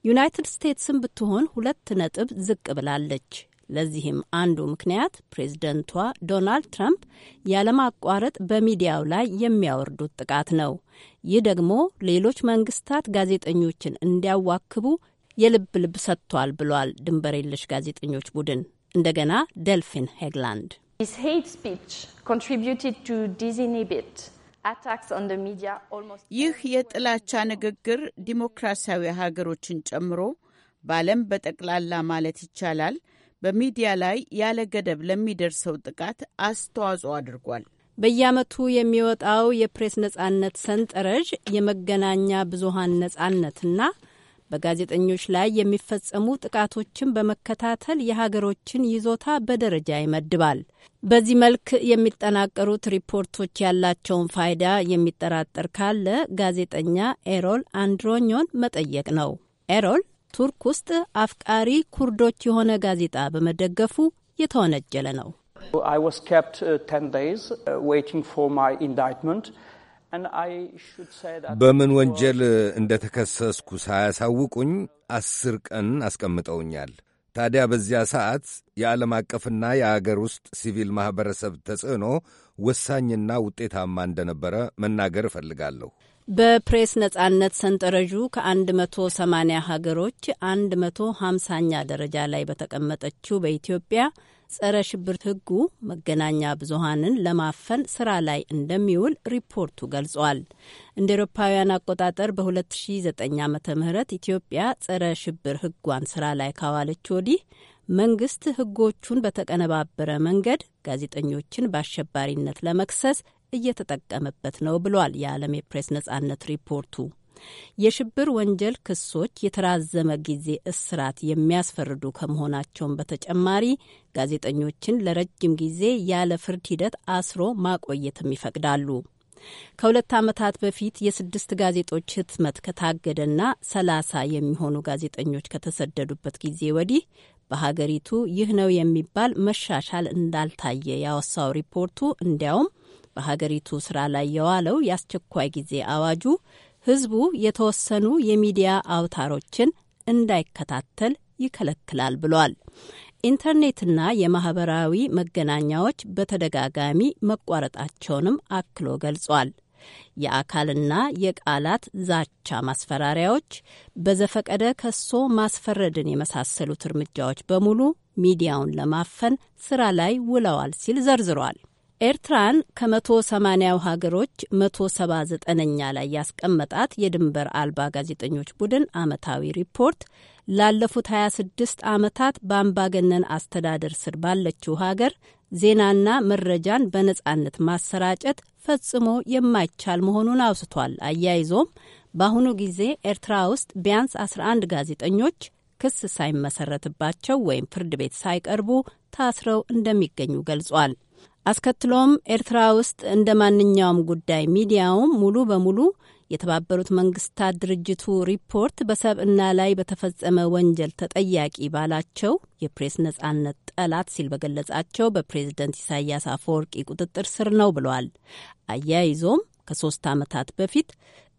ዩናይትድ ስቴትስም ብትሆን ሁለት ነጥብ ዝቅ ብላለች። ለዚህም አንዱ ምክንያት ፕሬዝደንቷ ዶናልድ ትራምፕ ያለማቋረጥ በሚዲያው ላይ የሚያወርዱት ጥቃት ነው። ይህ ደግሞ ሌሎች መንግስታት ጋዜጠኞችን እንዲያዋክቡ የልብ ልብ ሰጥቷል ብሏል ድንበር የለሽ ጋዜጠኞች ቡድን። እንደገና ደልፊን ሄግላንድ ይህ የጥላቻ ንግግር ዲሞክራሲያዊ ሀገሮችን ጨምሮ በዓለም በጠቅላላ ማለት ይቻላል በሚዲያ ላይ ያለ ገደብ ለሚደርሰው ጥቃት አስተዋጽኦ አድርጓል። በየዓመቱ የሚወጣው የፕሬስ ነጻነት ሰንጠረዥ የመገናኛ ብዙሀን ነጻነትና በጋዜጠኞች ላይ የሚፈጸሙ ጥቃቶችን በመከታተል የሀገሮችን ይዞታ በደረጃ ይመድባል። በዚህ መልክ የሚጠናቀሩት ሪፖርቶች ያላቸውን ፋይዳ የሚጠራጠር ካለ ጋዜጠኛ ኤሮል አንድሮኞን መጠየቅ ነው። ኤሮል ቱርክ ውስጥ አፍቃሪ ኩርዶች የሆነ ጋዜጣ በመደገፉ የተወነጀለ ነው። uh, uh, በምን ወንጀል እንደተከሰስኩ ሳያሳውቁኝ አስር ቀን አስቀምጠውኛል። ታዲያ በዚያ ሰዓት የዓለም አቀፍና የአገር ውስጥ ሲቪል ማኅበረሰብ ተጽዕኖ ወሳኝና ውጤታማ እንደነበረ መናገር እፈልጋለሁ። በፕሬስ ነጻነት ሰንጠረዡ ከ180 ሀገሮች 150ኛ ደረጃ ላይ በተቀመጠችው በኢትዮጵያ ጸረ ሽብር ሕጉ መገናኛ ብዙሃንን ለማፈን ስራ ላይ እንደሚውል ሪፖርቱ ገልጿል። እንደ ኤሮፓውያን አቆጣጠር በ2009 ዓ ም ኢትዮጵያ ጸረ ሽብር ሕጓን ስራ ላይ ካዋለች ወዲህ መንግስት ሕጎቹን በተቀነባበረ መንገድ ጋዜጠኞችን በአሸባሪነት ለመክሰስ እየተጠቀመበት ነው ብሏል የዓለም የፕሬስ ነጻነት ሪፖርቱ። የሽብር ወንጀል ክሶች የተራዘመ ጊዜ እስራት የሚያስፈርዱ ከመሆናቸውም በተጨማሪ ጋዜጠኞችን ለረጅም ጊዜ ያለ ፍርድ ሂደት አስሮ ማቆየትም ይፈቅዳሉ። ከሁለት ዓመታት በፊት የስድስት ጋዜጦች ህትመት ከታገደና ሰላሳ የሚሆኑ ጋዜጠኞች ከተሰደዱበት ጊዜ ወዲህ በሀገሪቱ ይህ ነው የሚባል መሻሻል እንዳልታየ ያወሳው ሪፖርቱ እንዲያውም በሀገሪቱ ስራ ላይ የዋለው የአስቸኳይ ጊዜ አዋጁ ህዝቡ የተወሰኑ የሚዲያ አውታሮችን እንዳይከታተል ይከለክላል ብሏል። ኢንተርኔትና የማህበራዊ መገናኛዎች በተደጋጋሚ መቋረጣቸውንም አክሎ ገልጿል። የአካልና የቃላት ዛቻ ማስፈራሪያዎች፣ በዘፈቀደ ከሶ ማስፈረድን የመሳሰሉት እርምጃዎች በሙሉ ሚዲያውን ለማፈን ስራ ላይ ውለዋል ሲል ዘርዝሯል። ኤርትራን ከ180ው ሀገሮች 179ኛ ላይ ያስቀመጣት የድንበር አልባ ጋዜጠኞች ቡድን አመታዊ ሪፖርት ላለፉት 26 ዓመታት በአምባገነን አስተዳደር ስር ባለችው ሀገር ዜናና መረጃን በነጻነት ማሰራጨት ፈጽሞ የማይቻል መሆኑን አውስቷል። አያይዞም በአሁኑ ጊዜ ኤርትራ ውስጥ ቢያንስ 11 ጋዜጠኞች ክስ ሳይመሰረትባቸው ወይም ፍርድ ቤት ሳይቀርቡ ታስረው እንደሚገኙ ገልጿል። አስከትሎም ኤርትራ ውስጥ እንደ ማንኛውም ጉዳይ ሚዲያውም ሙሉ በሙሉ የተባበሩት መንግስታት ድርጅቱ ሪፖርት በሰብእና ላይ በተፈጸመ ወንጀል ተጠያቂ ባላቸው የፕሬስ ነጻነት ጠላት ሲል በገለጻቸው በፕሬዝደንት ኢሳያስ አፈወርቂ ቁጥጥር ስር ነው ብሏል። አያይዞም ከሶስት ዓመታት በፊት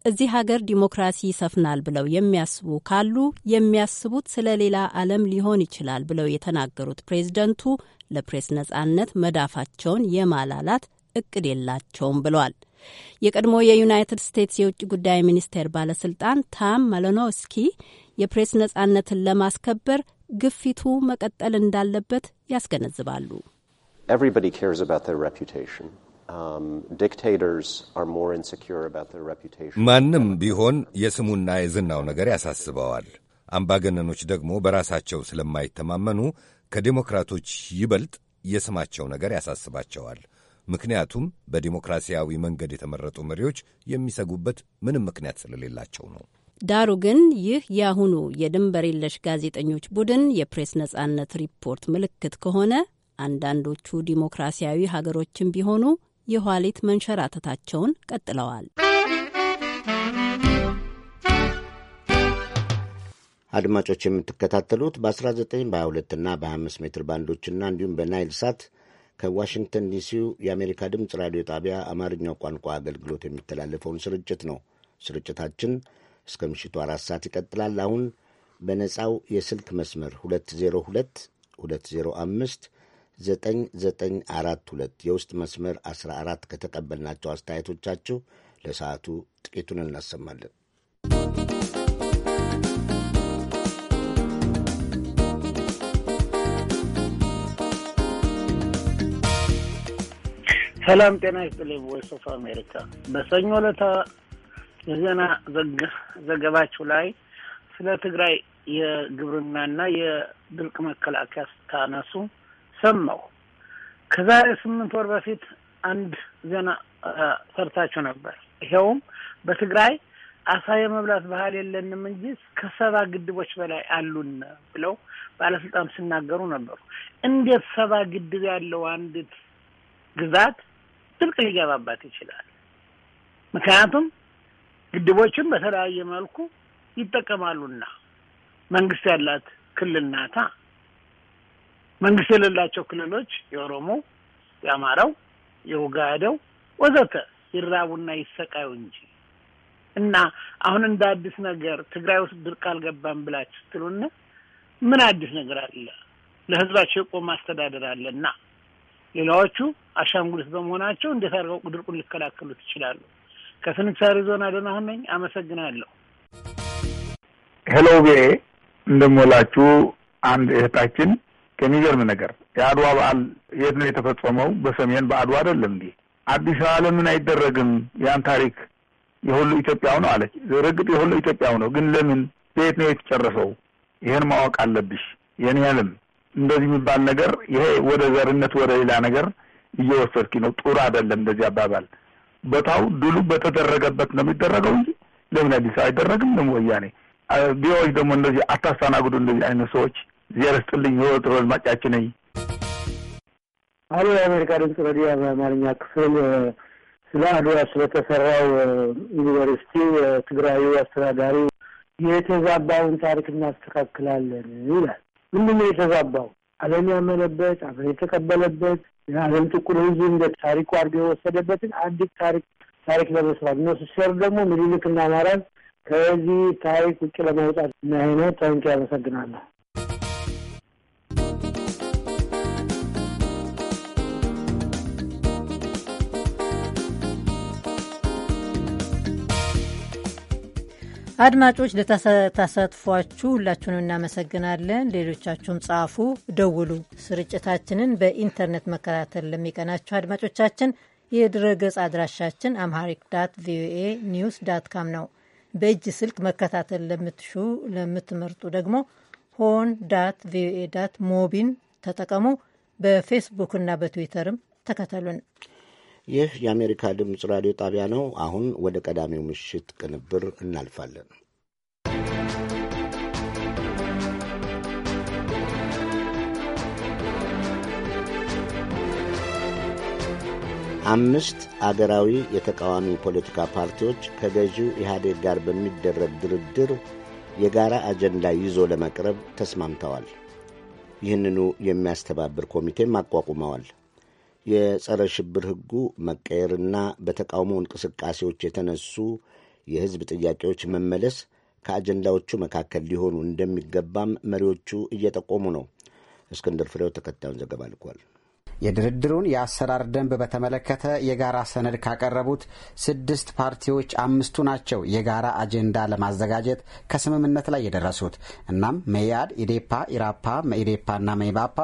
እዚህ ሀገር ዲሞክራሲ ይሰፍናል ብለው የሚያስቡ ካሉ የሚያስቡት ስለ ሌላ ዓለም ሊሆን ይችላል ብለው የተናገሩት ፕሬዝደንቱ ለፕሬስ ነጻነት መዳፋቸውን የማላላት እቅድ የላቸውም ብሏል። የቀድሞ የዩናይትድ ስቴትስ የውጭ ጉዳይ ሚኒስቴር ባለስልጣን ታም ማለኖስኪ የፕሬስ ነጻነትን ለማስከበር ግፊቱ መቀጠል እንዳለበት ያስገነዝባሉ። Um, ማንም ቢሆን የስሙና የዝናው ነገር ያሳስበዋል። አምባገነኖች ደግሞ በራሳቸው ስለማይተማመኑ ከዴሞክራቶች ይበልጥ የስማቸው ነገር ያሳስባቸዋል። ምክንያቱም በዲሞክራሲያዊ መንገድ የተመረጡ መሪዎች የሚሰጉበት ምንም ምክንያት ስለሌላቸው ነው። ዳሩ ግን ይህ የአሁኑ የድንበር የለሽ ጋዜጠኞች ቡድን የፕሬስ ነጻነት ሪፖርት ምልክት ከሆነ አንዳንዶቹ ዲሞክራሲያዊ ሀገሮችም ቢሆኑ የኋሊት መንሸራተታቸውን ቀጥለዋል። አድማጮች የምትከታተሉት በ19 በ22 እና በ25 ሜትር ባንዶችና እንዲሁም በናይል ሳት ከዋሽንግተን ዲሲው የአሜሪካ ድምፅ ራዲዮ ጣቢያ አማርኛው ቋንቋ አገልግሎት የሚተላለፈውን ስርጭት ነው። ስርጭታችን እስከ ምሽቱ አራት ሰዓት ይቀጥላል። አሁን በነጻው የስልክ መስመር 202 205 9942 የውስጥ መስመር 14 ከተቀበልናቸው አስተያየቶቻችሁ ለሰዓቱ ጥቂቱን እናሰማለን። ሰላም ጤና ይስጥልኝ። ቮይስ ኦፍ አሜሪካ በሰኞ ዕለት የዜና ዘገባችሁ ላይ ስለ ትግራይ የግብርናና የድርቅ መከላከያ ስታነሱ ሰማሁ። ከዛሬ ስምንት ወር በፊት አንድ ዜና ሰርታችሁ ነበር። ይኸውም በትግራይ አሳ የመብላት ባህል የለንም እንጂ ከሰባ ግድቦች በላይ አሉን ብለው ባለስልጣን ሲናገሩ ነበሩ። እንዴት ሰባ ግድብ ያለው አንዲት ግዛት ጥልቅ ሊገባባት ይችላል? ምክንያቱም ግድቦችን በተለያየ መልኩ ይጠቀማሉና መንግስት ያላት ክልል ናታ። መንግስት የሌላቸው ክልሎች የኦሮሞ፣ የአማራው፣ የኦጋዴው ወዘተ ይራቡና ይሰቃዩ እንጂ እና አሁን እንደ አዲስ ነገር ትግራይ ውስጥ ድርቅ አልገባም ብላችሁ ስትሉና ምን አዲስ ነገር አለ? ለህዝባቸው የቆመ አስተዳደር እና ሌላዎቹ አሻንጉሊት በመሆናቸው እንዴት አድርገው ድርቁን ሊከላከሉ ይችላሉ? ከስንክስ አሪዞና ደህና ነኝ። አመሰግናለሁ። ሄሎ ቤ እንደሞላችሁ አንድ እህታችን የሚገርም ነገር የአድዋ በዓል የት ነው የተፈጸመው? በሰሜን በአድዋ አይደለም እንዴ? አዲስ አበባ ለምን አይደረግም? ያን ታሪክ የሁሉ ኢትዮጵያው ነው አለች። ርግጥ የሁሉ ኢትዮጵያው ነው፣ ግን ለምን ቤት ነው የተጨረሰው? ይህን ማወቅ አለብሽ። የኔ ያለም እንደዚህ የሚባል ነገር ይሄ ወደ ዘርነት ወደ ሌላ ነገር እየወሰድኪ ነው። ጡር አይደለም እንደዚህ አባባል። በታው ድሉ በተደረገበት ነው የሚደረገው እንጂ ለምን አዲስ አበባ አይደረግም? ደግሞ ወያኔ ቢዎች ደግሞ እንደዚህ አታስተናግዱ እንደዚህ አይነት ሰዎች ዜር ስጥልኝ ወጥሮ አድማጫችን ነኝ። አሉ የአሜሪካ ድምጽ ረዲዮ በአማርኛ ክፍል ስለ አድዋ ስለተሰራው ዩኒቨርሲቲ የትግራዩ አስተዳዳሪ የተዛባውን ታሪክ እናስተካክላለን ይላል። ምንድን ነው የተዛባው? ዓለም ያመነበት ዓለም የተቀበለበት የዓለም ጥቁር ሕዝብ እንደ ታሪኩ አድርጎ የወሰደበትን አንዲት ታሪክ ታሪክ ለመስራት ነው። ሲሰሩ ደግሞ ምኒልክና አማራን ከዚህ ታሪክ ውጭ ለማውጣት ነው። ታንኪ ያመሰግናለሁ። አድማጮች ለተሳተፏችሁ ሁላችሁን እናመሰግናለን። ሌሎቻችሁም ጻፉ፣ ደውሉ። ስርጭታችንን በኢንተርኔት መከታተል ለሚቀናችሁ አድማጮቻችን የድረገጽ አድራሻችን አምሃሪክ ዳት ቪኦኤ ኒውስ ዳት ካም ነው። በእጅ ስልክ መከታተል ለምትሹ ለምትመርጡ ደግሞ ሆን ዳት ቪኦኤ ዳት ሞቢን ተጠቀሙ። በፌስቡክና በትዊተርም ተከተሉን። ይህ የአሜሪካ ድምፅ ራዲዮ ጣቢያ ነው። አሁን ወደ ቀዳሚው ምሽት ቅንብር እናልፋለን። አምስት አገራዊ የተቃዋሚ ፖለቲካ ፓርቲዎች ከገዢው ኢህአዴግ ጋር በሚደረግ ድርድር የጋራ አጀንዳ ይዞ ለመቅረብ ተስማምተዋል። ይህንኑ የሚያስተባብር ኮሚቴም አቋቁመዋል። የጸረ ሽብር ሕጉ መቀየርና በተቃውሞ እንቅስቃሴዎች የተነሱ የሕዝብ ጥያቄዎች መመለስ ከአጀንዳዎቹ መካከል ሊሆኑ እንደሚገባም መሪዎቹ እየጠቆሙ ነው። እስክንድር ፍሬው ተከታዩን ዘገባ ልኳል። የድርድሩን የአሰራር ደንብ በተመለከተ የጋራ ሰነድ ካቀረቡት ስድስት ፓርቲዎች አምስቱ ናቸው የጋራ አጀንዳ ለማዘጋጀት ከስምምነት ላይ የደረሱት። እናም መያድ፣ ኢዴፓ፣ ኢራፓ፣ መኢዴፓና መኢባፓ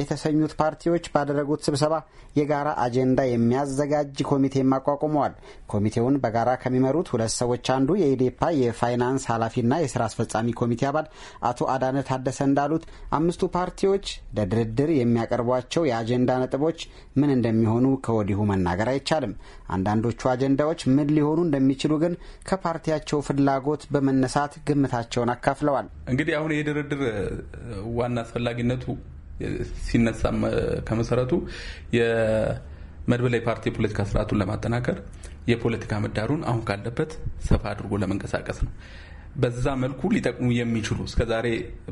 የተሰኙት ፓርቲዎች ባደረጉት ስብሰባ የጋራ አጀንዳ የሚያዘጋጅ ኮሚቴ አቋቁመዋል። ኮሚቴውን በጋራ ከሚመሩት ሁለት ሰዎች አንዱ የኢዴፓ የፋይናንስ ኃላፊና የስራ አስፈጻሚ ኮሚቴ አባል አቶ አዳነ ታደሰ እንዳሉት አምስቱ ፓርቲዎች ለድርድር የሚያቀርቧቸው የአጀንዳ ነጥቦች ምን እንደሚሆኑ ከወዲሁ መናገር አይቻልም። አንዳንዶቹ አጀንዳዎች ምን ሊሆኑ እንደሚችሉ ግን ከፓርቲያቸው ፍላጎት በመነሳት ግምታቸውን አካፍለዋል። እንግዲህ አሁን ይህ ድርድር ዋና አስፈላጊነቱ ሲነሳ ከመሰረቱ የመድበላዊ ፓርቲ የፖለቲካ ስርዓቱን ለማጠናከር የፖለቲካ ምህዳሩን አሁን ካለበት ሰፋ አድርጎ ለመንቀሳቀስ ነው። በዛ መልኩ ሊጠቅሙ የሚችሉ እስከዛሬ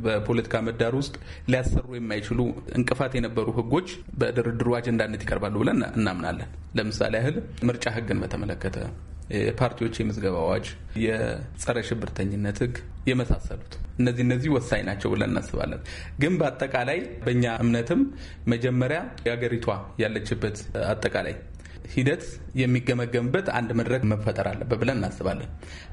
በፖለቲካ ምህዳር ውስጥ ሊያሰሩ የማይችሉ እንቅፋት የነበሩ ህጎች በድርድሩ አጀንዳነት ይቀርባሉ ብለን እናምናለን። ለምሳሌ ያህል ምርጫ ህግን በተመለከተ የፓርቲዎች የምዝገባ አዋጅ፣ የጸረ ሽብርተኝነት ህግ የመሳሰሉት እነዚህ እነዚህ ወሳኝ ናቸው ብለን እናስባለን። ግን በአጠቃላይ በእኛ እምነትም መጀመሪያ የሀገሪቷ ያለችበት አጠቃላይ ሂደት የሚገመገምበት አንድ መድረክ መፈጠር አለበት ብለን እናስባለን።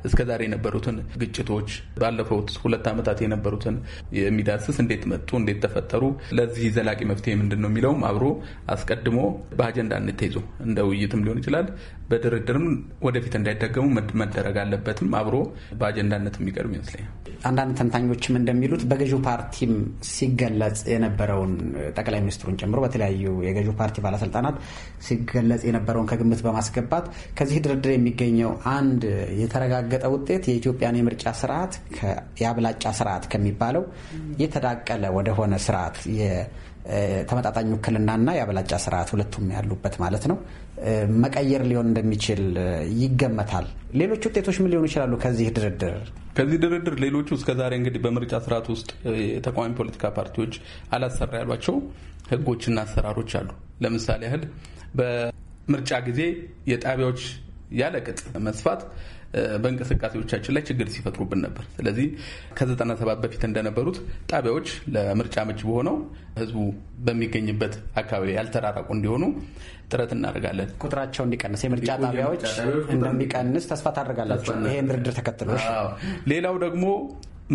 እስከዛሬ የነበሩትን ግጭቶች ባለፉት ሁለት ዓመታት የነበሩትን የሚዳስስ እንዴት መጡ፣ እንዴት ተፈጠሩ፣ ለዚህ ዘላቂ መፍትሄ ምንድን ነው የሚለውም አብሮ አስቀድሞ በአጀንዳ እንተይዞ እንደ ውይይትም ሊሆን ይችላል በድርድርም ወደፊት እንዳይደገሙ መደረግ አለበትም አብሮ በአጀንዳነት የሚቀርብ ይመስለኛል። አንዳንድ ተንታኞችም እንደሚሉት በገዢው ፓርቲም ሲገለጽ የነበረውን ጠቅላይ ሚኒስትሩን ጨምሮ በተለያዩ የገዢው ፓርቲ ባለስልጣናት ሲገለጽ የነበረውን ከግምት በማስገባት ከዚህ ድርድር የሚገኘው አንድ የተረጋገጠ ውጤት የኢትዮጵያን የምርጫ ስርዓት የአብላጫ ስርዓት ከሚባለው የተዳቀለ ወደሆነ ስርዓት ተመጣጣኝ ውክልናና የአብላጫ ስርዓት ሁለቱም ያሉበት ማለት ነው መቀየር ሊሆን እንደሚችል ይገመታል። ሌሎች ውጤቶች ምን ሊሆኑ ይችላሉ? ከዚህ ድርድር ከዚህ ድርድር ሌሎቹ እስከዛሬ እንግዲህ በምርጫ ስርዓት ውስጥ የተቃዋሚ ፖለቲካ ፓርቲዎች አላሰራ ያሏቸው ህጎችና አሰራሮች አሉ። ለምሳሌ ያህል በምርጫ ጊዜ የጣቢያዎች ያለቅጥ መስፋት በእንቅስቃሴዎቻችን ላይ ችግር ሲፈጥሩብን ነበር። ስለዚህ ከ97 በፊት እንደነበሩት ጣቢያዎች ለምርጫ ምች በሆነው ህዝቡ በሚገኝበት አካባቢ ያልተራራቁ እንዲሆኑ ጥረት እናደርጋለን። ቁጥራቸው እንዲቀንስ የምርጫ ጣቢያዎች እንደሚቀንስ ተስፋ ታደርጋላቸው ይሄን ድርድር ተከትሎ። ሌላው ደግሞ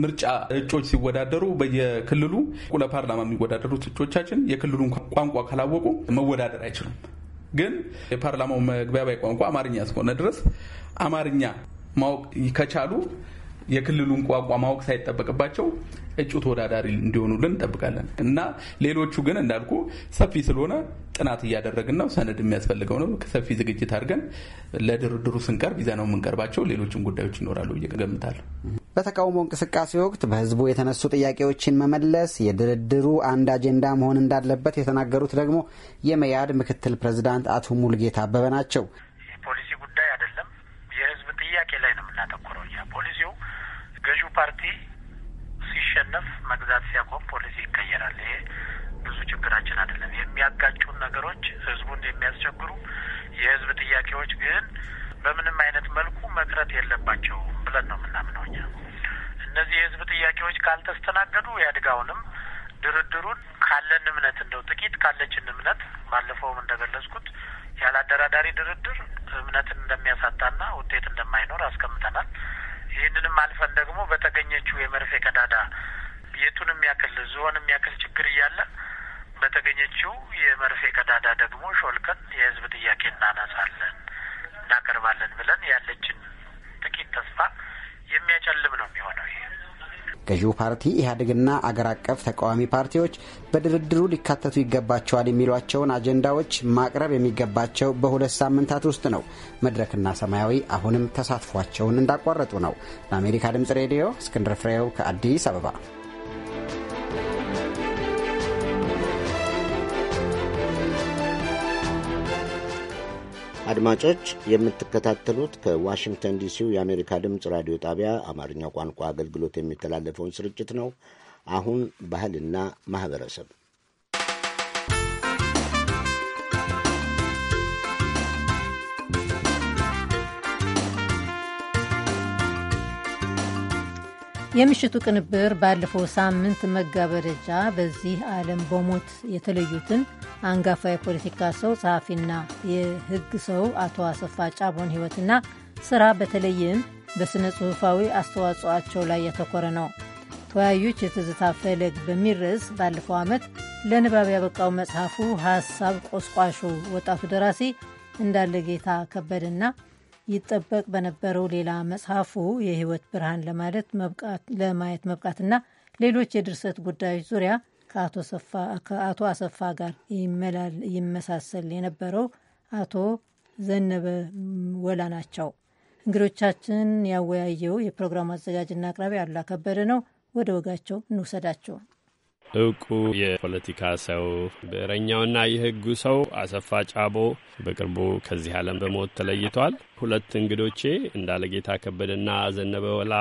ምርጫ እጮች ሲወዳደሩ በየክልሉ ለፓርላማ የሚወዳደሩት እጮቻችን የክልሉን ቋንቋ ካላወቁ መወዳደር አይችሉም። ግን የፓርላማው ባይ ቋንቋ አማርኛ እስከሆነ ድረስ አማርኛ ማወቅ ከቻሉ የክልሉን ቋንቋ ማወቅ ሳይጠበቅባቸው እጩ ተወዳዳሪ እንዲሆኑልን እንጠብቃለን እና ሌሎቹ ግን እንዳልኩ ሰፊ ስለሆነ ጥናት እያደረግን ነው። ሰነድ የሚያስፈልገው ነው። ሰፊ ዝግጅት አድርገን ለድርድሩ ስንቀርብ ነው የምንቀርባቸው ሌሎችም ጉዳዮች ይኖራሉ ብዬ እገምታለሁ። በተቃውሞ እንቅስቃሴ ወቅት በህዝቡ የተነሱ ጥያቄዎችን መመለስ የድርድሩ አንድ አጀንዳ መሆን እንዳለበት የተናገሩት ደግሞ የመያድ ምክትል ፕሬዚዳንት አቶ ሙልጌታ አበበ ናቸው። ፖሊሲ ጉዳይ አይደለም፣ የህዝብ ጥያቄ ላይ ነው የምናተኩረው ገዢው ፓርቲ ሲሸነፍ መግዛት ሲያቆም ፖሊሲ ይቀየራል። ይሄ ብዙ ችግራችን አይደለም። የሚያጋጩን ነገሮች፣ ህዝቡን የሚያስቸግሩ የህዝብ ጥያቄዎች ግን በምንም አይነት መልኩ መቅረት የለባቸውም ብለን ነው የምናምነው እኛ። እነዚህ የህዝብ ጥያቄዎች ካልተስተናገዱ ያድጋውንም ድርድሩን ካለን እምነት እንደው ጥቂት ካለችን እምነት ባለፈውም እንደገለጽኩት ያለ አደራዳሪ ድርድር እምነትን እንደሚያሳጣና ውጤት እንደማይኖር አስቀምጠናል። ይህንንም አልፈን ደግሞ በተገኘችው የመርፌ ቀዳዳ የቱንም ያክል ዝሆንም ያክል ችግር እያለ በተገኘችው የመርፌ ቀዳዳ ደግሞ ሾልከን የህዝብ ጥያቄ እናነሳለን እናቀርባለን ብለን ያለችን ጥቂት ተስፋ የሚያጨልም ነው የሚሆነው ይሄ ገዢው ፓርቲ ኢህአዴግና አገር አቀፍ ተቃዋሚ ፓርቲዎች በድርድሩ ሊካተቱ ይገባቸዋል የሚሏቸውን አጀንዳዎች ማቅረብ የሚገባቸው በሁለት ሳምንታት ውስጥ ነው። መድረክና ሰማያዊ አሁንም ተሳትፏቸውን እንዳቋረጡ ነው። ለአሜሪካ ድምጽ ሬዲዮ እስክንድር ፍሬው ከአዲስ አበባ አድማጮች የምትከታተሉት ከዋሽንግተን ዲሲው የአሜሪካ ድምፅ ራዲዮ ጣቢያ አማርኛው ቋንቋ አገልግሎት የሚተላለፈውን ስርጭት ነው። አሁን ባህልና ማህበረሰብ የምሽቱ ቅንብር ባለፈው ሳምንት መጋበረጃ በዚህ ዓለም በሞት የተለዩትን አንጋፋ የፖለቲካ ሰው ጸሐፊና የሕግ ሰው አቶ አሰፋ ጫቦን ሕይወትና ስራ በተለይም በሥነ ጽሑፋዊ አስተዋጽኦቸው ላይ ያተኮረ ነው። ተወያዮች የትዝታ ፈለግ በሚል ርዕስ ባለፈው ዓመት ለንባብ ያበቃው መጽሐፉ ሐሳብ ቆስቋሹ ወጣቱ ደራሲ እንዳለ ጌታ ከበደና ይጠበቅ በነበረው ሌላ መጽሐፉ የህይወት ብርሃን ለማለት ለማየት መብቃትና ሌሎች የድርሰት ጉዳዮች ዙሪያ ከአቶ አሰፋ ጋር ይመሳሰል የነበረው አቶ ዘነበ ወላ ናቸው። እንግዶቻችን ያወያየው የፕሮግራሙ አዘጋጅና አቅራቢ አሉላ ከበደ ነው። ወደ ወጋቸው እንውሰዳቸው። እውቁ የፖለቲካ ሰው ብዕረኛውና የሕጉ ሰው አሰፋ ጫቦ በቅርቡ ከዚህ ዓለም በሞት ተለይቷል። ሁለት እንግዶቼ እንዳለጌታ ከበደና ዘነበ ወላ፣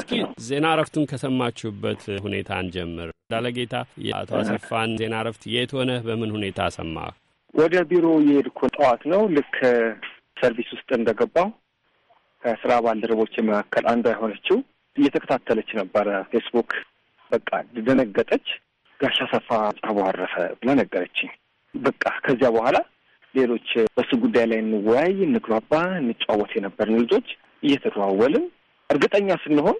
እስኪ ዜና እረፍቱን ከሰማችሁበት ሁኔታ እንጀምር። እንዳለጌታ የአቶ አሰፋን ዜና እረፍት የት ሆነህ በምን ሁኔታ ሰማ? ወደ ቢሮ የሄድኩ ጠዋት ነው። ልክ ሰርቪስ ውስጥ እንደገባው ከስራ ባልደረቦች መካከል አንዷ የሆነችው እየተከታተለች ነበረ ፌስቡክ በቃ ደነገጠች። ጋሻ ሰፋ ተቧረፈ ብላ ነገረችኝ። በቃ ከዚያ በኋላ ሌሎች በሱ ጉዳይ ላይ እንወያይ፣ እንግባባ፣ እንጫወት የነበርን ልጆች እየተደዋወልን እርግጠኛ ስንሆን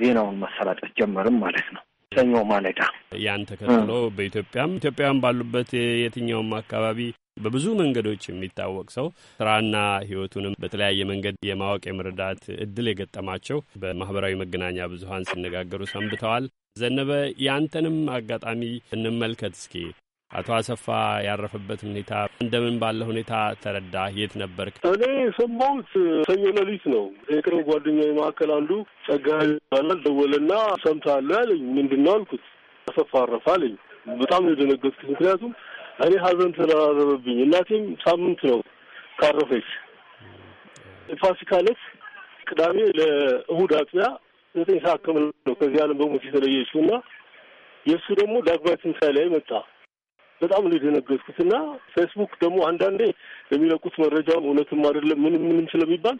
ዜናውን መሰራጨት ጀመርም ማለት ነው። ሰኞ ማለዳ ያን ተከትሎ በኢትዮጵያም ኢትዮጵያውያን ባሉበት የትኛውም አካባቢ በብዙ መንገዶች የሚታወቅ ሰው ስራና ህይወቱንም በተለያየ መንገድ የማወቅ የመረዳት እድል የገጠማቸው በማህበራዊ መገናኛ ብዙኃን ሲነጋገሩ ሰንብተዋል። ዘነበ ያንተንም አጋጣሚ እንመልከት እስኪ። አቶ አሰፋ ያረፈበት ሁኔታ እንደምን ባለ ሁኔታ ተረዳ? የት ነበር? እኔ ሰማሁት ሰኞ ሌሊት ነው። የቅርብ ጓደኛ መካከል አንዱ ጸጋዬ ይባላል። ደወለና ሰምተሃል አለኝ። ምንድን ነው አልኩት። አሰፋ አረፈ አለኝ። በጣም የደነገጥኩት። ምክንያቱም እኔ ሀዘን ተደራረበብኝ። እናቴም ሳምንት ነው ካረፈች። ፋሲካ ዕለት ቅዳሜ ለእሁድ አጥቢያ ዘጠኝ ሰዓት ከምን ነው ከዚህ ዓለም በሞት የተለየችው እና የእሱ ደግሞ ዳግማዊ ትንሣኤ ላይ መጣ። በጣም ነው የደነገጥኩት። እና ፌስቡክ ደግሞ አንዳንዴ የሚለቁት መረጃም እውነትም አይደለም ምንም ምንም ስለሚባል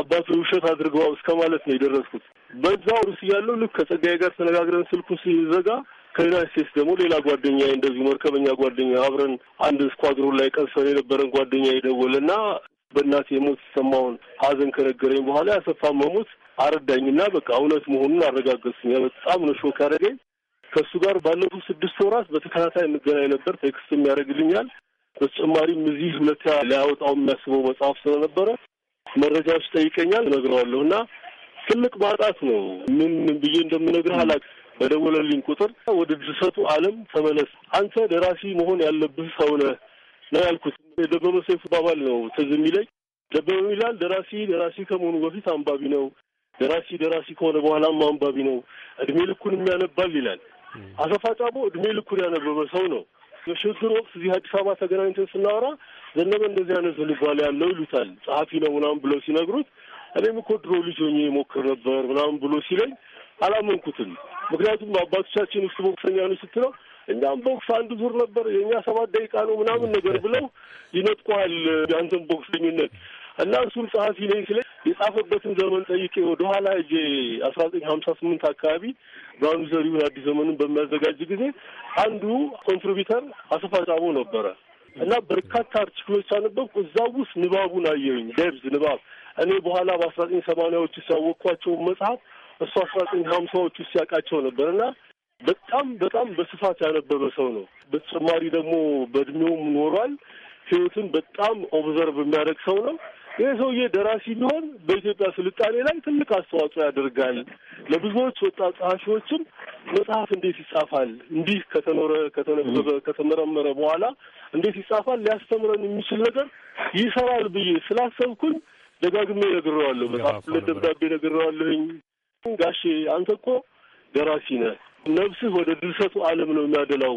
አባቱ ውሸት አድርገዋል እስከ ማለት ነው የደረስኩት። በዛ ሩስ እያለው ልክ ከጸጋዬ ጋር ተነጋግረን ስልኩ ሲዘጋ ከዩናይት ስቴትስ ደግሞ ሌላ ጓደኛ እንደዚሁ መርከበኛ ጓደኛ አብረን አንድ ስኳድሮን ላይ ቀንሰን የነበረን ጓደኛ የደወለ እና በእናቴ የሞት የተሰማውን ሀዘን ከነገረኝ በኋላ ያሰፋ መሞት አረዳኝና በቃ እውነት መሆኑን አረጋገጽኝ። በጣም ነው ሾክ ያደረገኝ። ከእሱ ጋር ባለፉት ስድስት ወራት በተከታታይ እንገናኝ ነበር። ቴክስትም ያደርግልኛል። በተጨማሪም እዚህ ሁለታ ሊያወጣው የሚያስበው መጽሐፍ ስለነበረ መረጃዎች ጠይቀኛል፣ እነግረዋለሁ እና ትልቅ ማጣት ነው። ምን ብዬ እንደምነግር አላውቅም። በደወለልኝ ቁጥር ወደ ድርሰቱ ዓለም ተመለስ፣ አንተ ደራሲ መሆን ያለብህ ሰው ነህ ነው ያልኩት። የደበበ ሰይፉ አባባል ነው ትዝ የሚለኝ። ደበበ ይላል ደራሲ ደራሲ ከመሆኑ በፊት አንባቢ ነው፣ ደራሲ ደራሲ ከሆነ በኋላ አንባቢ ነው፣ እድሜ ልኩን የሚያነባል ይላል አሰፋ ጫቦ። እድሜ ልኩን ያነበበ ሰው ነው። በሽግግር ወቅት እዚህ አዲስ አበባ ተገናኝተን ስናወራ ዘነበ እንደዚህ አይነት ዝንባሌ ያለው ይሉታል ጸሐፊ ነው ምናምን ብለው ሲነግሩት እኔም እኮ ድሮ ልጅ ሆኜ ሞክር ነበር ምናምን ብሎ ሲለኝ አላመንኩትም። ምክንያቱም አባቶቻችን ውስጥ ቦክሰኛ ነው ስትለው እኛም ቦክስ አንድ ዙር ነበር የእኛ ሰባት ደቂቃ ነው ምናምን ነገር ብለው ይነጥቋል። አንተም ቦክሰኝነት እና እሱም ጸሐፊ ነኝ ሲለኝ የጻፈበትን ዘመን ጠይቄ ወደ ኋላ እጄ አስራ ዘጠኝ ሀምሳ ስምንት አካባቢ ብርሃኑ ዘሪሁን አዲስ ዘመንን በሚያዘጋጅ ጊዜ አንዱ ኮንትሪቢተር አስፋ ጫቦ ነበረ እና በርካታ አርቲክሎች ሳነበብኩ እዛ ውስጥ ንባቡን አየሁኝ። ደብዝ ንባብ እኔ በኋላ በአስራ ዘጠኝ ሰማንያዎች ውስጥ ያወቅኳቸውን መጽሐፍ እሱ አስራ ዘጠኝ ሀምሳዎች ውስጥ ያውቃቸው ነበር እና በጣም በጣም በስፋት ያነበበ ሰው ነው። በተጨማሪ ደግሞ በእድሜውም ኖሯል። ህይወትን በጣም ኦብዘርቭ የሚያደርግ ሰው ነው። ይህ ሰውዬ ደራሲ ቢሆን በኢትዮጵያ ስልጣኔ ላይ ትልቅ አስተዋጽኦ ያደርጋል። ለብዙዎች ወጣት ጸሐፊዎችም መጽሐፍ እንዴት ይጻፋል፣ እንዲህ ከተኖረ ከተመረመረ በኋላ እንዴት ይጻፋል፣ ሊያስተምረን የሚችል ነገር ይሰራል ብዬ ስላሰብኩኝ ደጋግሜ ነግረዋለሁ። መጽሐፍ ለደብዳቤ ነግረዋለሁኝ። ጋሼ አንተ እኮ ደራሲ ነህ፣ ነፍስህ ወደ ድርሰቱ ዓለም ነው የሚያደላው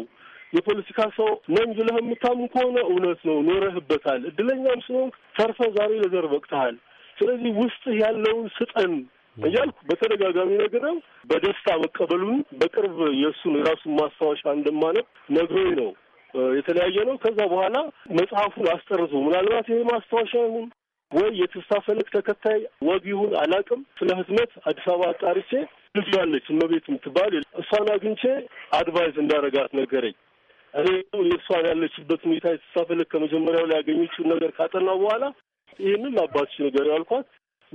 የፖለቲካ ሰው ነኝ ብለህ የምታምን ከሆነ እውነት ነው፣ ኖረህበታል። እድለኛም ስለሆንክ ተርፈህ ዛሬ ለዘር በቅተሃል። ስለዚህ ውስጥህ ያለውን ስጠን እያልኩ በተደጋጋሚ ነገረው በደስታ መቀበሉን በቅርብ የእሱን የራሱን ማስታወሻ እንደማነብ ነግሮኝ ነው የተለያየ ነው። ከዛ በኋላ መጽሐፉን አስጠርቶ ምናልባት ይሄ ማስታወሻ ይሁን ወይ የትስታ ፈለግ ተከታይ ወግ ይሁን አላውቅም። ስለ ህትመት አዲስ አበባ አጣሪቼ ልጅ ያለች እመቤት የምትባል እሷን አግኝቼ አድቫይዝ እንዳረጋት ነገረኝ። ሬቱ የእሷን ያለችበት ሁኔታ የተሳፈለ ከመጀመሪያው ላይ ያገኘችውን ነገር ካጠናው በኋላ ይህንን ለአባትሽ ነገር ያልኳት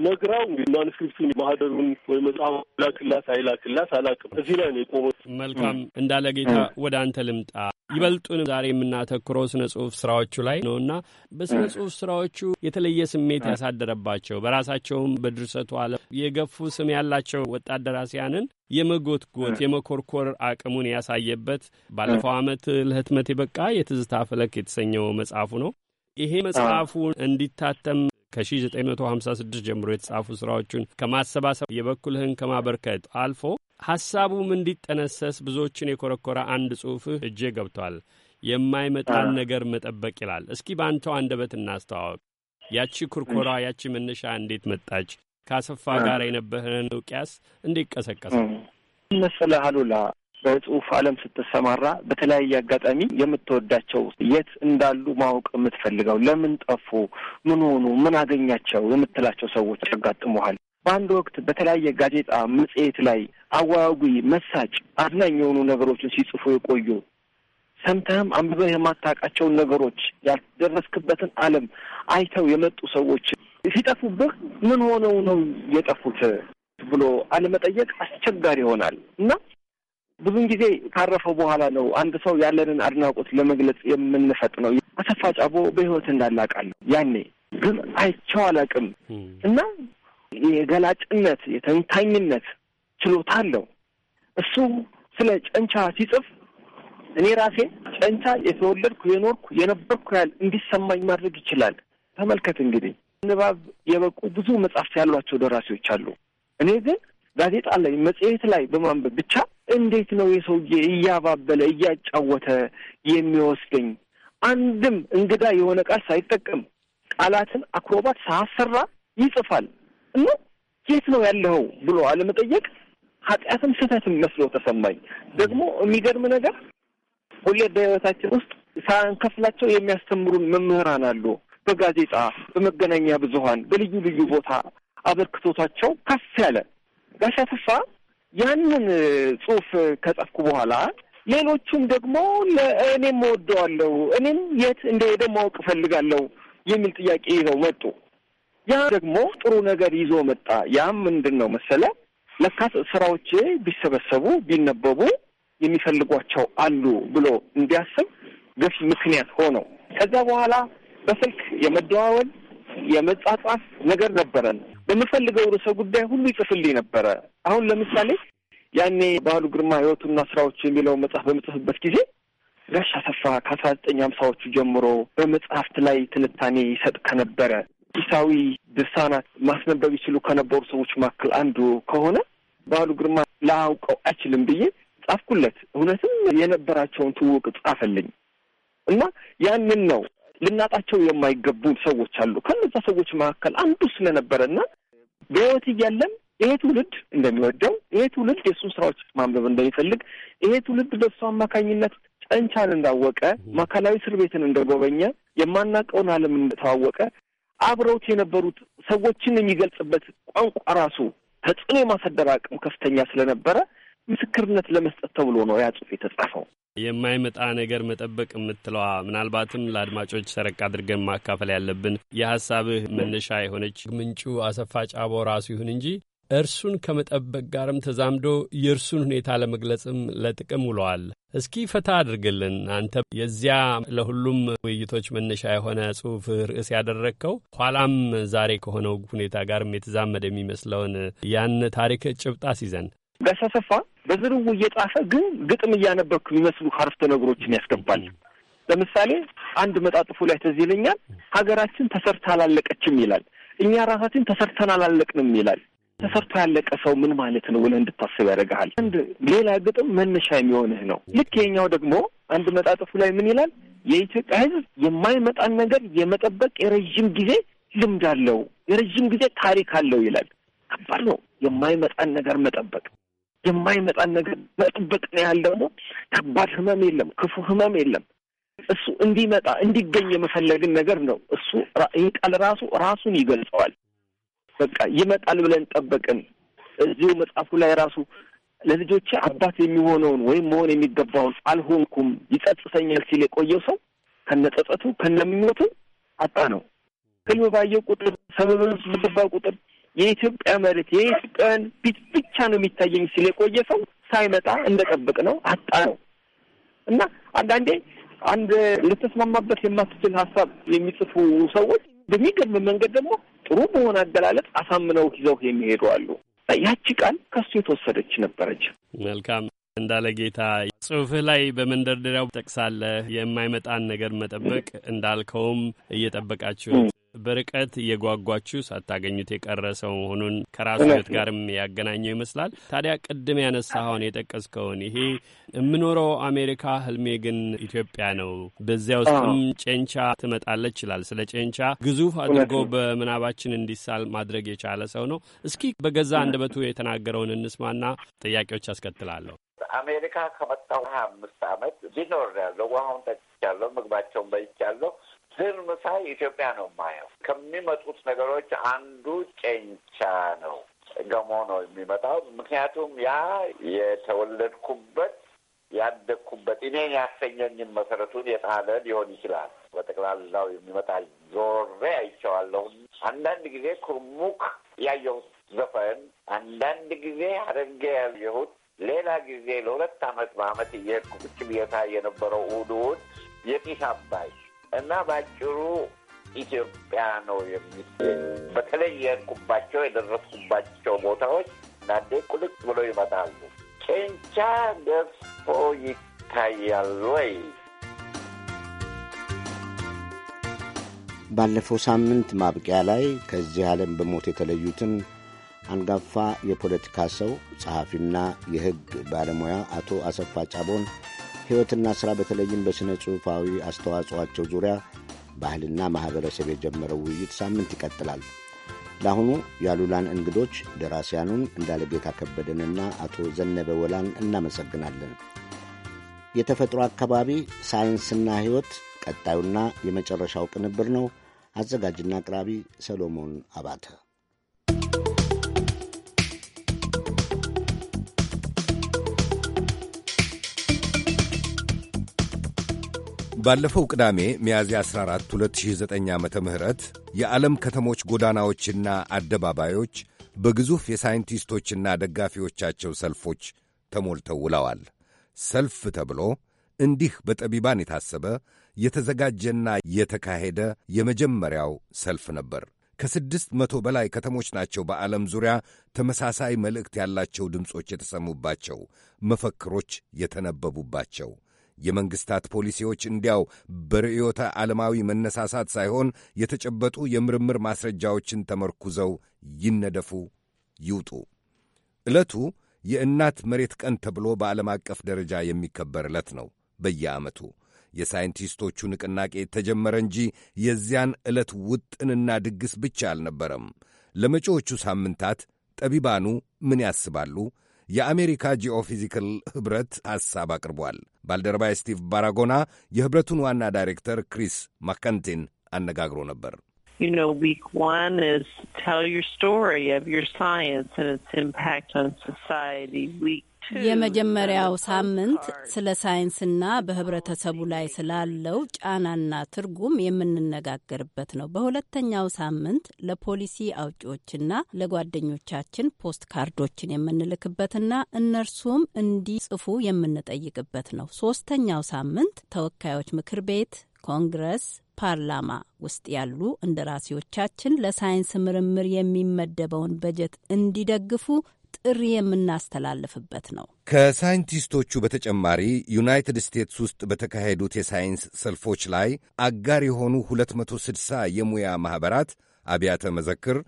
ነግራው እንግዲህ ማኑስክሪፕቱን ማህደሩን ወይ መጽሐፍ ላክላት አይላክላት አላቅም። እዚህ ላይ ነው የቆመ። መልካም እንዳለ ጌታ ወደ አንተ ልምጣ። ይበልጡን ዛሬ የምናተኩረው ስነ ጽሁፍ ስራዎቹ ላይ ነው እና በስነ ጽሁፍ ስራዎቹ የተለየ ስሜት ያሳደረባቸው በራሳቸውም በድርሰቱ አለ የገፉ ስም ያላቸው ወጣት ደራሲያንን የመጎትጎት የመኮርኮር አቅሙን ያሳየበት ባለፈው ዓመት ለህትመት የበቃ የትዝታ ፈለክ የተሰኘው መጽሐፉ ነው። ይሄ መጽሐፉ እንዲታተም ከ1956 ጀምሮ የተጻፉ ሥራዎቹን ከማሰባሰብ የበኩልህን ከማበርከት አልፎ ሐሳቡም እንዲጠነሰስ ብዙዎችን የኮረኮረ አንድ ጽሑፍህ እጄ ገብቷል። የማይመጣን ነገር መጠበቅ ይላል። እስኪ በአንተው አንደበት እናስተዋወቅ። ያቺ ኩርኮራ፣ ያቺ መነሻ እንዴት መጣች? ከአሰፋ ጋር የነበረን እውቅያስ እንዴት ቀሰቀሰ? መሰለህ አሉላ በጽሁፍ ዓለም ስትሰማራ በተለያየ አጋጣሚ የምትወዳቸው የት እንዳሉ ማወቅ የምትፈልገው ለምን ጠፉ፣ ምን ሆኑ፣ ምን አገኛቸው የምትላቸው ሰዎች ያጋጥመሃል። በአንድ ወቅት በተለያየ ጋዜጣ፣ መጽሔት ላይ አዋጊ፣ መሳጭ፣ አዝናኝ የሆኑ ነገሮችን ሲጽፉ የቆዩ ሰምተህም አንብበህ የማታውቃቸውን ነገሮች ያልደረስክበትን ዓለም አይተው የመጡ ሰዎች ሲጠፉብህ ምን ሆነው ነው የጠፉት ብሎ አለመጠየቅ አስቸጋሪ ይሆናል እና ብዙን ጊዜ ካረፈው በኋላ ነው አንድ ሰው ያለንን አድናቆት ለመግለጽ የምንፈጥ ነው። አሰፋ ጫቦ በህይወት እንዳላቃለሁ ያኔ ግን አይቼው አላቅም እና የገላጭነት የተንታኝነት ችሎታ አለው። እሱ ስለ ጨንቻ ሲጽፍ እኔ ራሴ ጨንቻ የተወለድኩ የኖርኩ የነበርኩ ያህል እንዲሰማኝ ማድረግ ይችላል። ተመልከት እንግዲህ ንባብ የበቁ ብዙ መጽሐፍት ያሏቸው ደራሲዎች አሉ። እኔ ግን ጋዜጣ ላይ መጽሔት ላይ በማንበብ ብቻ እንዴት ነው የሰውዬ እያባበለ እያጫወተ የሚወስደኝ? አንድም እንግዳ የሆነ ቃል ሳይጠቀም ቃላትን አክሮባት ሳሰራ ይጽፋል እና የት ነው ያለኸው ብሎ አለመጠየቅ ኃጢአትም ስህተትም መስሎ ተሰማኝ። ደግሞ የሚገርም ነገር ሁሌ በህይወታችን ውስጥ ሳንከፍላቸው የሚያስተምሩን መምህራን አሉ። በጋዜጣ በመገናኛ ብዙኃን በልዩ ልዩ ቦታ አበርክቶታቸው ከፍ ያለ ጋሻ ተፋ ያንን ጽሁፍ ከጻፍኩ በኋላ ሌሎቹም ደግሞ ለእኔም እወደዋለሁ እኔም የት እንደሄደ ማወቅ እፈልጋለሁ የሚል ጥያቄ ይዘው መጡ። ያ ደግሞ ጥሩ ነገር ይዞ መጣ። ያም ምንድን ነው መሰለ፣ ለካስ ስራዎቼ ቢሰበሰቡ ቢነበቡ የሚፈልጓቸው አሉ ብሎ እንዲያስብ ገፊ ምክንያት ሆነው ከዛ በኋላ በስልክ የመደዋወል የመጻጻፍ ነገር ነበረን። በምፈልገው ርዕሰ ጉዳይ ሁሉ ይጽፍልኝ ነበረ። አሁን ለምሳሌ ያኔ ባህሉ ግርማ ህይወቱና ስራዎች የሚለው መጽሐፍ በምጽፍበት ጊዜ ጋሽ አሰፋ ከአስራ ዘጠኝ ሀምሳዎቹ ጀምሮ በመጽሐፍት ላይ ትንታኔ ይሰጥ ከነበረ ሂሳዊ ድርሳናት ማስነበብ ይችሉ ከነበሩ ሰዎች መካከል አንዱ ከሆነ ባህሉ ግርማ ላያውቀው አይችልም ብዬ ጻፍኩለት። እውነትም የነበራቸውን ትውቅ ጻፈልኝ እና ያንን ነው ልናጣቸው የማይገቡ ሰዎች አሉ። ከነዛ ሰዎች መካከል አንዱ ስለነበረ እና በህይወት እያለም ይሄ ትውልድ እንደሚወደው ይሄ ትውልድ የእሱን ስራዎች ማንበብ እንደሚፈልግ ይሄ ትውልድ በእሱ አማካኝነት ጨንቻን እንዳወቀ ማዕከላዊ እስር ቤትን እንደጎበኘ የማናውቀውን ዓለም እንደተዋወቀ አብረውት የነበሩት ሰዎችን የሚገልጽበት ቋንቋ ራሱ ተጽዕኖ የማሳደር አቅም ከፍተኛ ስለነበረ ምስክርነት ለመስጠት ተብሎ ነው ያ ጽሑፍ የተጻፈው። የማይመጣ ነገር መጠበቅ የምትለዋ ምናልባትም ለአድማጮች ሰረቅ አድርገን ማካፈል ያለብን የሀሳብህ መነሻ የሆነች ምንጩ አሰፋ ጫቦ ራሱ ይሁን እንጂ እርሱን ከመጠበቅ ጋርም ተዛምዶ የእርሱን ሁኔታ ለመግለጽም ለጥቅም ውለዋል። እስኪ ፈታ አድርግልን። አንተ የዚያ ለሁሉም ውይይቶች መነሻ የሆነ ጽሑፍ ርዕስ ያደረግከው ኋላም ዛሬ ከሆነው ሁኔታ ጋርም የተዛመደ የሚመስለውን ያን ታሪክ ጭብጣ ሲዘን ጋሳሰፋ አሰፋ በዝርው እየጻፈ ግን ግጥም እያነበብክ የሚመስሉ አረፍተ ነገሮችን ያስገባል። ለምሳሌ አንድ መጣጥፉ ላይ ትዝ ይለኛል፣ ሀገራችን ተሰርታ አላለቀችም ይላል። እኛ ራሳችን ተሰርተን አላለቅንም ይላል። ተሰርቶ ያለቀ ሰው ምን ማለት ነው ብለህ እንድታስብ ያደርግሃል። አንድ ሌላ ግጥም መነሻ የሚሆንህ ነው። ልክ የኛው ደግሞ አንድ መጣጥፉ ላይ ምን ይላል? የኢትዮጵያ ሕዝብ የማይመጣን ነገር የመጠበቅ የረዥም ጊዜ ልምድ አለው፣ የረዥም ጊዜ ታሪክ አለው ይላል። ከባድ ነው የማይመጣን ነገር መጠበቅ። የማይመጣን ነገር መጠበቅ ነው ያህል ደግሞ ከባድ ህመም የለም፣ ክፉ ህመም የለም። እሱ እንዲመጣ እንዲገኝ የመፈለግን ነገር ነው። እሱ ይህ ቃል ራሱ ራሱን ይገልጸዋል። በቃ ይመጣል ብለን ጠበቅን። እዚሁ መጽሐፉ ላይ ራሱ ለልጆቼ አባት የሚሆነውን ወይም መሆን የሚገባውን አልሆንኩም ይጸጽተኛል ሲል የቆየው ሰው ከነጸጸቱ ከነምኞቱ አጣ ነው። ህልም ባየው ቁጥር ሰበብን ባ ቁጥር የኢትዮጵያ መሬት የኢትዮጵያውያን ፊት ብቻ ነው የሚታየኝ ሲል የቆየ ሰው ሳይመጣ እንደጠብቅ ነው አጣ ነው እና አንዳንዴ አንድ ልትስማማበት የማትችል ሀሳብ የሚጽፉ ሰዎች በሚገርም መንገድ ደግሞ ጥሩ በሆነ አገላለጽ አሳምነው ይዘው የሚሄዱ አሉ። ያቺ ቃል ከሱ የተወሰደች ነበረች። መልካም እንዳለ ጌታ ጽሁፍህ ላይ በመንደርደሪያው ጠቅሳለህ። የማይመጣን ነገር መጠበቅ እንዳልከውም እየጠበቃችሁ በርቀት እየጓጓችሁ ሳታገኙት የቀረ ሰው መሆኑን ከራሱ ሕይወት ጋርም ያገናኘው ይመስላል። ታዲያ ቅድም ያነሳኸውን የጠቀስከውን ይሄ የምኖረው አሜሪካ ህልሜ ግን ኢትዮጵያ ነው፣ በዚያ ውስጥም ጨንቻ ትመጣለች ይችላል። ስለ ጨንቻ ግዙፍ አድርጎ በምናባችን እንዲሳል ማድረግ የቻለ ሰው ነው። እስኪ በገዛ አንደበቱ የተናገረውን እንስማና ጥያቄዎች አስከትላለሁ። አሜሪካ ከመጣሁ ሀያ አምስት አመት ቢኖር ያለው ውሃውን ጠጭቻለሁ፣ ምግባቸውን በይቻለሁ ፊልም ሳይ ኢትዮጵያ ነው የማየው። ከሚመጡት ነገሮች አንዱ ጨንቻ ነው፣ ገሞ ነው የሚመጣው። ምክንያቱም ያ የተወለድኩበት ያደግኩበት እኔን ያሰኘኝን መሰረቱን የጣለ ሊሆን ይችላል። በጠቅላላው የሚመጣ ዞሬ አይቸዋለሁ አንዳንድ ጊዜ ኩርሙክ ያየሁት ዘፈን፣ አንዳንድ ጊዜ ሐረርጌ ያየሁት፣ ሌላ ጊዜ ለሁለት አመት በአመት እየሄድኩ ብቻ የነበረው ውድውድ የጢስ አባይ እና በአጭሩ ኢትዮጵያ ነው የሚገኝ። በተለይ የሄድኩባቸው የደረስኩባቸው ቦታዎች እናንዴ ቁልቅ ብለው ይመጣሉ። ጨንቻ ገዝፎ ይታያል ወይ? ባለፈው ሳምንት ማብቂያ ላይ ከዚህ ዓለም በሞት የተለዩትን አንጋፋ የፖለቲካ ሰው ጸሐፊና የሕግ ባለሙያ አቶ አሰፋ ጫቦን ሕይወትና ሥራ በተለይም በሥነ ጽሑፋዊ አስተዋጽኦአቸው ዙሪያ ባህልና ማኅበረሰብ የጀመረው ውይይት ሳምንት ይቀጥላል። ለአሁኑ ያሉላን እንግዶች ደራሲያኑን እንዳለጌታ ከበደንና አቶ ዘነበ ወላን እናመሰግናለን። የተፈጥሮ አካባቢ ሳይንስና ሕይወት ቀጣዩና የመጨረሻው ቅንብር ነው። አዘጋጅና አቅራቢ ሰሎሞን አባተ ባለፈው ቅዳሜ ሚያዝያ 14 2009 ዓ ም የዓለም ከተሞች ጎዳናዎችና አደባባዮች በግዙፍ የሳይንቲስቶችና ደጋፊዎቻቸው ሰልፎች ተሞልተው ውለዋል። ሰልፍ ተብሎ እንዲህ በጠቢባን የታሰበ የተዘጋጀና የተካሄደ የመጀመሪያው ሰልፍ ነበር። ከስድስት መቶ በላይ ከተሞች ናቸው በዓለም ዙሪያ ተመሳሳይ መልእክት ያላቸው ድምፆች የተሰሙባቸው፣ መፈክሮች የተነበቡባቸው የመንግስታት ፖሊሲዎች እንዲያው በርዕዮተ ዓለማዊ መነሳሳት ሳይሆን የተጨበጡ የምርምር ማስረጃዎችን ተመርኩዘው ይነደፉ፣ ይውጡ። ዕለቱ የእናት መሬት ቀን ተብሎ በዓለም አቀፍ ደረጃ የሚከበር ዕለት ነው። በየዓመቱ የሳይንቲስቶቹ ንቅናቄ ተጀመረ እንጂ የዚያን ዕለት ውጥንና ድግስ ብቻ አልነበረም። ለመጪዎቹ ሳምንታት ጠቢባኑ ምን ያስባሉ? የአሜሪካ ጂኦፊዚካል ኅብረት ሐሳብ አቅርቧል። ባልደረባይ ስቲቭ ባራጎና የኅብረቱን ዋና ዳይሬክተር ክሪስ ማካንቲን አነጋግሮ ነበር። ዊክ የመጀመሪያው ሳምንት ስለ ሳይንስና በህብረተሰቡ ላይ ስላለው ጫናና ትርጉም የምንነጋገርበት ነው። በሁለተኛው ሳምንት ለፖሊሲ አውጪዎችና ለጓደኞቻችን ፖስት ካርዶችን የምንልክበትና እነርሱም እንዲጽፉ የምንጠይቅበት ነው። ሶስተኛው ሳምንት ተወካዮች ምክር ቤት፣ ኮንግረስ ፓርላማ ውስጥ ያሉ እንደራሴዎቻችን ለሳይንስ ምርምር የሚመደበውን በጀት እንዲደግፉ ጥሪ የምናስተላልፍበት ነው። ከሳይንቲስቶቹ በተጨማሪ ዩናይትድ ስቴትስ ውስጥ በተካሄዱት የሳይንስ ሰልፎች ላይ አጋር የሆኑ 260 የሙያ ማኅበራት፣ አብያተ መዘክር፣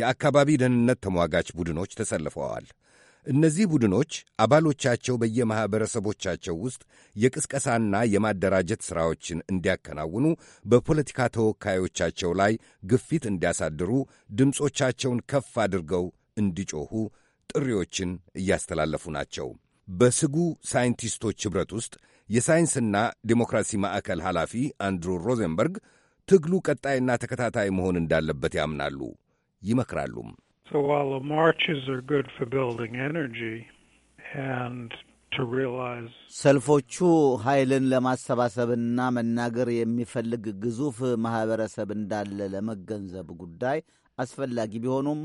የአካባቢ ደህንነት ተሟጋች ቡድኖች ተሰልፈዋል። እነዚህ ቡድኖች አባሎቻቸው በየማኅበረሰቦቻቸው ውስጥ የቅስቀሳና የማደራጀት ሥራዎችን እንዲያከናውኑ፣ በፖለቲካ ተወካዮቻቸው ላይ ግፊት እንዲያሳድሩ፣ ድምፆቻቸውን ከፍ አድርገው እንዲጮኹ ጥሪዎችን እያስተላለፉ ናቸው። በስጉ ሳይንቲስቶች ኅብረት ውስጥ የሳይንስና ዴሞክራሲ ማዕከል ኃላፊ አንድሩ ሮዘንበርግ ትግሉ ቀጣይና ተከታታይ መሆን እንዳለበት ያምናሉ፣ ይመክራሉም። ሰልፎቹ ኃይልን ለማሰባሰብና መናገር የሚፈልግ ግዙፍ ማኅበረሰብ እንዳለ ለመገንዘብ ጉዳይ አስፈላጊ ቢሆኑም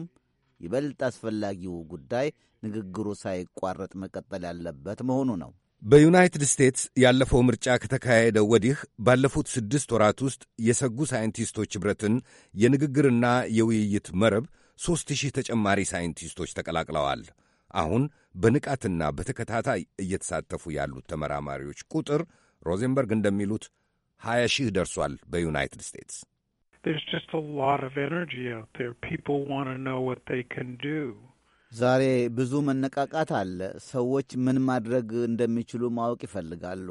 ይበልጥ አስፈላጊው ጉዳይ ንግግሩ ሳይቋረጥ መቀጠል ያለበት መሆኑ ነው። በዩናይትድ ስቴትስ ያለፈው ምርጫ ከተካሄደ ወዲህ ባለፉት ስድስት ወራት ውስጥ የሰጉ ሳይንቲስቶች ኅብረትን የንግግርና የውይይት መረብ ሦስት ሺህ ተጨማሪ ሳይንቲስቶች ተቀላቅለዋል። አሁን በንቃትና በተከታታይ እየተሳተፉ ያሉት ተመራማሪዎች ቁጥር ሮዘንበርግ እንደሚሉት 20 ሺህ ደርሷል በዩናይትድ ስቴትስ። there's just a lot of energy out there. People want to know what they can do. ዛሬ ብዙ መነቃቃት አለ። ሰዎች ምን ማድረግ እንደሚችሉ ማወቅ ይፈልጋሉ።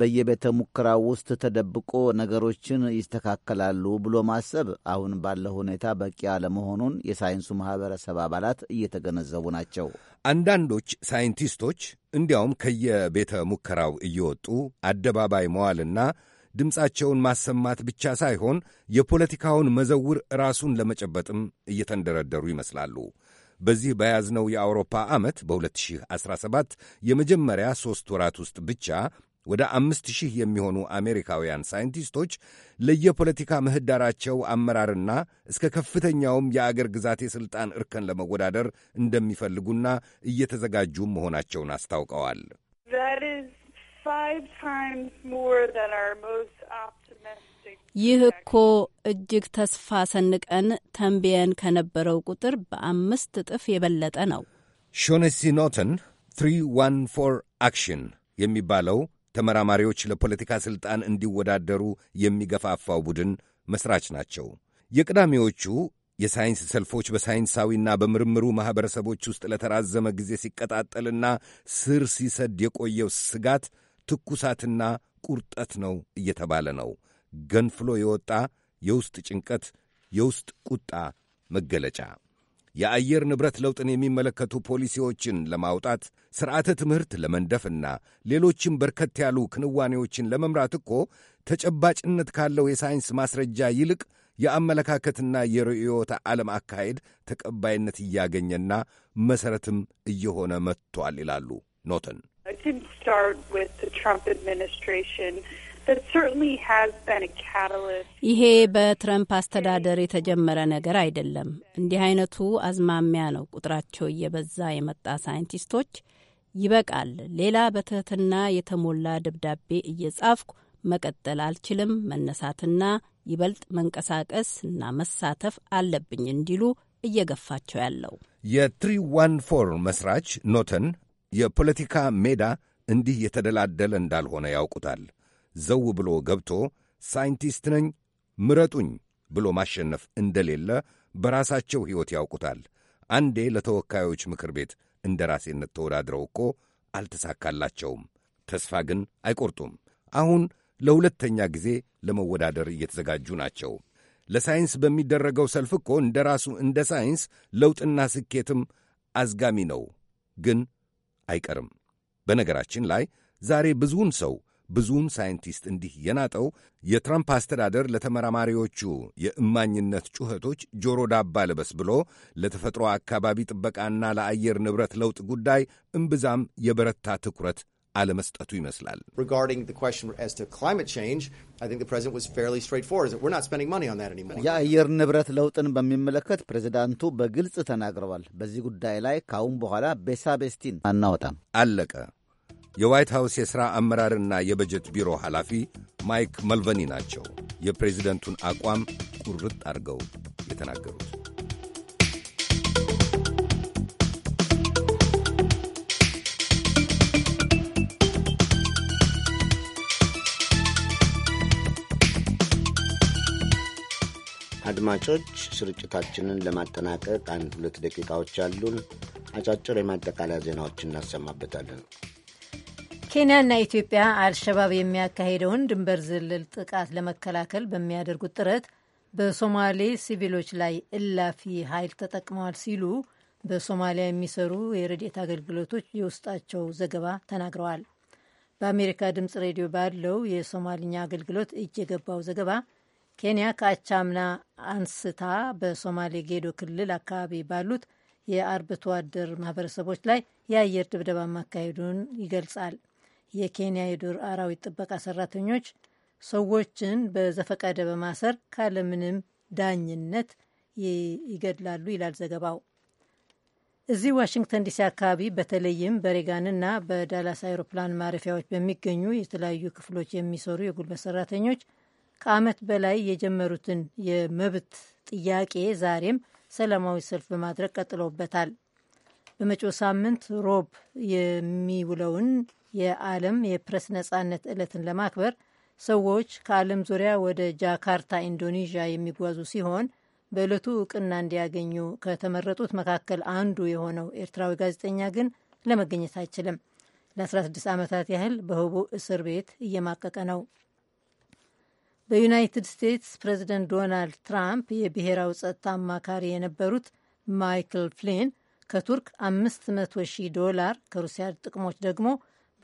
በየቤተ ሙከራው ውስጥ ተደብቆ ነገሮችን ይስተካከላሉ ብሎ ማሰብ አሁን ባለው ሁኔታ በቂ አለመሆኑን የሳይንሱ ማኅበረሰብ አባላት እየተገነዘቡ ናቸው። አንዳንዶች ሳይንቲስቶች እንዲያውም ከየቤተ ሙከራው እየወጡ አደባባይ መዋልና ድምፃቸውን ማሰማት ብቻ ሳይሆን የፖለቲካውን መዘውር ራሱን ለመጨበጥም እየተንደረደሩ ይመስላሉ። በዚህ በያዝነው የአውሮፓ ዓመት በ2017 የመጀመሪያ ሦስት ወራት ውስጥ ብቻ ወደ አምስት ሺህ የሚሆኑ አሜሪካውያን ሳይንቲስቶች ለየፖለቲካ ምህዳራቸው አመራርና እስከ ከፍተኛውም የአገር ግዛት የሥልጣን እርከን ለመወዳደር እንደሚፈልጉና እየተዘጋጁ መሆናቸውን አስታውቀዋል። ይህ እኮ እጅግ ተስፋ ሰንቀን ተንብየን ከነበረው ቁጥር በአምስት እጥፍ የበለጠ ነው። ሾነሲ ኖተን 314 አክሽን የሚባለው ተመራማሪዎች ለፖለቲካ ሥልጣን እንዲወዳደሩ የሚገፋፋው ቡድን መሥራች ናቸው። የቅዳሜዎቹ የሳይንስ ሰልፎች በሳይንሳዊና በምርምሩ ማኅበረሰቦች ውስጥ ለተራዘመ ጊዜ ሲቀጣጠልና ስር ሲሰድ የቆየው ስጋት ትኩሳትና ቁርጠት ነው እየተባለ ነው። ገንፍሎ የወጣ የውስጥ ጭንቀት፣ የውስጥ ቁጣ መገለጫ የአየር ንብረት ለውጥን የሚመለከቱ ፖሊሲዎችን ለማውጣት ስርዓተ ትምህርት ለመንደፍና ሌሎችም በርከት ያሉ ክንዋኔዎችን ለመምራት እኮ ተጨባጭነት ካለው የሳይንስ ማስረጃ ይልቅ የአመለካከትና የርዕዮተ ዓለም አካሄድ ተቀባይነት እያገኘና መሠረትም እየሆነ መጥቷል ይላሉ ኖተን። I can start with the Trump administration. ይሄ በትረምፕ አስተዳደር የተጀመረ ነገር አይደለም። እንዲህ አይነቱ አዝማሚያ ነው ቁጥራቸው እየበዛ የመጣ ሳይንቲስቶች ይበቃል፣ ሌላ በትህትና የተሞላ ደብዳቤ እየጻፍኩ መቀጠል አልችልም፣ መነሳትና ይበልጥ መንቀሳቀስ እና መሳተፍ አለብኝ እንዲሉ እየገፋቸው ያለው የትሪ ዋን ፎር መስራች ኖተን የፖለቲካ ሜዳ እንዲህ የተደላደለ እንዳልሆነ ያውቁታል። ዘው ብሎ ገብቶ ሳይንቲስት ነኝ ምረጡኝ ብሎ ማሸነፍ እንደሌለ በራሳቸው ሕይወት ያውቁታል። አንዴ ለተወካዮች ምክር ቤት እንደራሴነት ተወዳድረው እኮ አልተሳካላቸውም። ተስፋ ግን አይቆርጡም። አሁን ለሁለተኛ ጊዜ ለመወዳደር እየተዘጋጁ ናቸው። ለሳይንስ በሚደረገው ሰልፍ እኮ እንደ ራሱ እንደ ሳይንስ ለውጥና ስኬትም አዝጋሚ ነው። ግን አይቀርም። በነገራችን ላይ ዛሬ ብዙውን ሰው ብዙውን ሳይንቲስት እንዲህ የናጠው የትራምፕ አስተዳደር ለተመራማሪዎቹ የእማኝነት ጩኸቶች ጆሮ ዳባ ልበስ ብሎ ለተፈጥሮ አካባቢ ጥበቃና ለአየር ንብረት ለውጥ ጉዳይ እምብዛም የበረታ ትኩረት አለመስጠቱ ይመስላል። የአየር ንብረት ለውጥን በሚመለከት ፕሬዚዳንቱ በግልጽ ተናግረዋል። በዚህ ጉዳይ ላይ ካሁን በኋላ ቤሳቤስቲን አናወጣም፣ አለቀ። የዋይት ሃውስ የሥራ አመራርና የበጀት ቢሮ ኃላፊ ማይክ መልቨኒ ናቸው የፕሬዚደንቱን አቋም ቁርጥ አድርገው የተናገሩት። አድማጮች ስርጭታችንን ለማጠናቀቅ አንድ ሁለት ደቂቃዎች አሉን። አጫጭር የማጠቃለያ ዜናዎችን እናሰማበታለን። ኬንያና ኢትዮጵያ አልሸባብ የሚያካሂደውን ድንበር ዘለል ጥቃት ለመከላከል በሚያደርጉት ጥረት በሶማሌ ሲቪሎች ላይ እላፊ ኃይል ተጠቅመዋል ሲሉ በሶማሊያ የሚሰሩ የረድኤት አገልግሎቶች የውስጣቸው ዘገባ ተናግረዋል። በአሜሪካ ድምፅ ሬዲዮ ባለው የሶማልኛ አገልግሎት እጅ የገባው ዘገባ ኬንያ ከአቻምና አንስታ በሶማሌ ጌዶ ክልል አካባቢ ባሉት የአርብቶ አደር ማህበረሰቦች ላይ የአየር ድብደባ ማካሄዱን ይገልጻል። የኬንያ የዱር አራዊት ጥበቃ ሰራተኞች ሰዎችን በዘፈቀደ በማሰር ካለምንም ዳኝነት ይገድላሉ ይላል ዘገባው። እዚህ ዋሽንግተን ዲሲ አካባቢ በተለይም በሬጋንና በዳላስ አይሮፕላን ማረፊያዎች በሚገኙ የተለያዩ ክፍሎች የሚሰሩ የጉልበት ሰራተኞች ከዓመት በላይ የጀመሩትን የመብት ጥያቄ ዛሬም ሰላማዊ ሰልፍ በማድረግ ቀጥለውበታል። በመጪው ሳምንት ሮብ የሚውለውን የዓለም የፕሬስ ነጻነት ዕለትን ለማክበር ሰዎች ከዓለም ዙሪያ ወደ ጃካርታ ኢንዶኔዥያ የሚጓዙ ሲሆን በዕለቱ እውቅና እንዲያገኙ ከተመረጡት መካከል አንዱ የሆነው ኤርትራዊ ጋዜጠኛ ግን ለመገኘት አይችልም። ለ16 ዓመታት ያህል በህቡዕ እስር ቤት እየማቀቀ ነው። በዩናይትድ ስቴትስ ፕሬዚደንት ዶናልድ ትራምፕ የብሔራዊ ጸጥታ አማካሪ የነበሩት ማይክል ፍሊን ከቱርክ 500 ሺህ ዶላር ከሩሲያ ጥቅሞች ደግሞ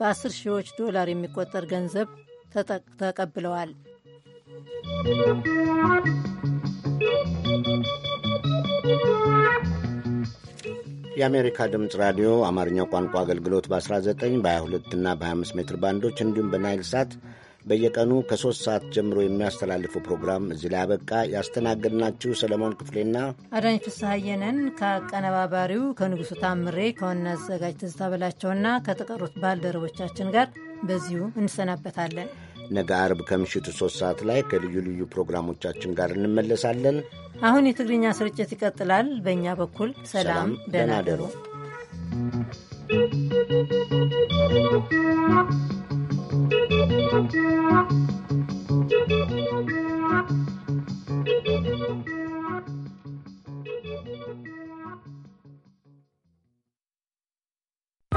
በ10 ሺዎች ዶላር የሚቆጠር ገንዘብ ተቀብለዋል። የአሜሪካ ድምፅ ራዲዮ አማርኛው ቋንቋ አገልግሎት በ19 በ22 እና በ25 ሜትር ባንዶች እንዲሁም በናይል ሳት በየቀኑ ከሦስት ሰዓት ጀምሮ የሚያስተላልፈው ፕሮግራም እዚህ ላይ አበቃ። ያስተናገድናችሁ ሰለሞን ክፍሌና አዳኝ ፍስሐየነን ከአቀነባባሪው ከንጉሡ ታምሬ ከዋና አዘጋጅ ትዝታ በላቸውና ከተቀሩት ባልደረቦቻችን ጋር በዚሁ እንሰናበታለን። ነገ አርብ ከምሽቱ ሶስት ሰዓት ላይ ከልዩ ልዩ ፕሮግራሞቻችን ጋር እንመለሳለን። አሁን የትግርኛ ስርጭት ይቀጥላል። በእኛ በኩል ሰላም፣ ደህና you. Thank you.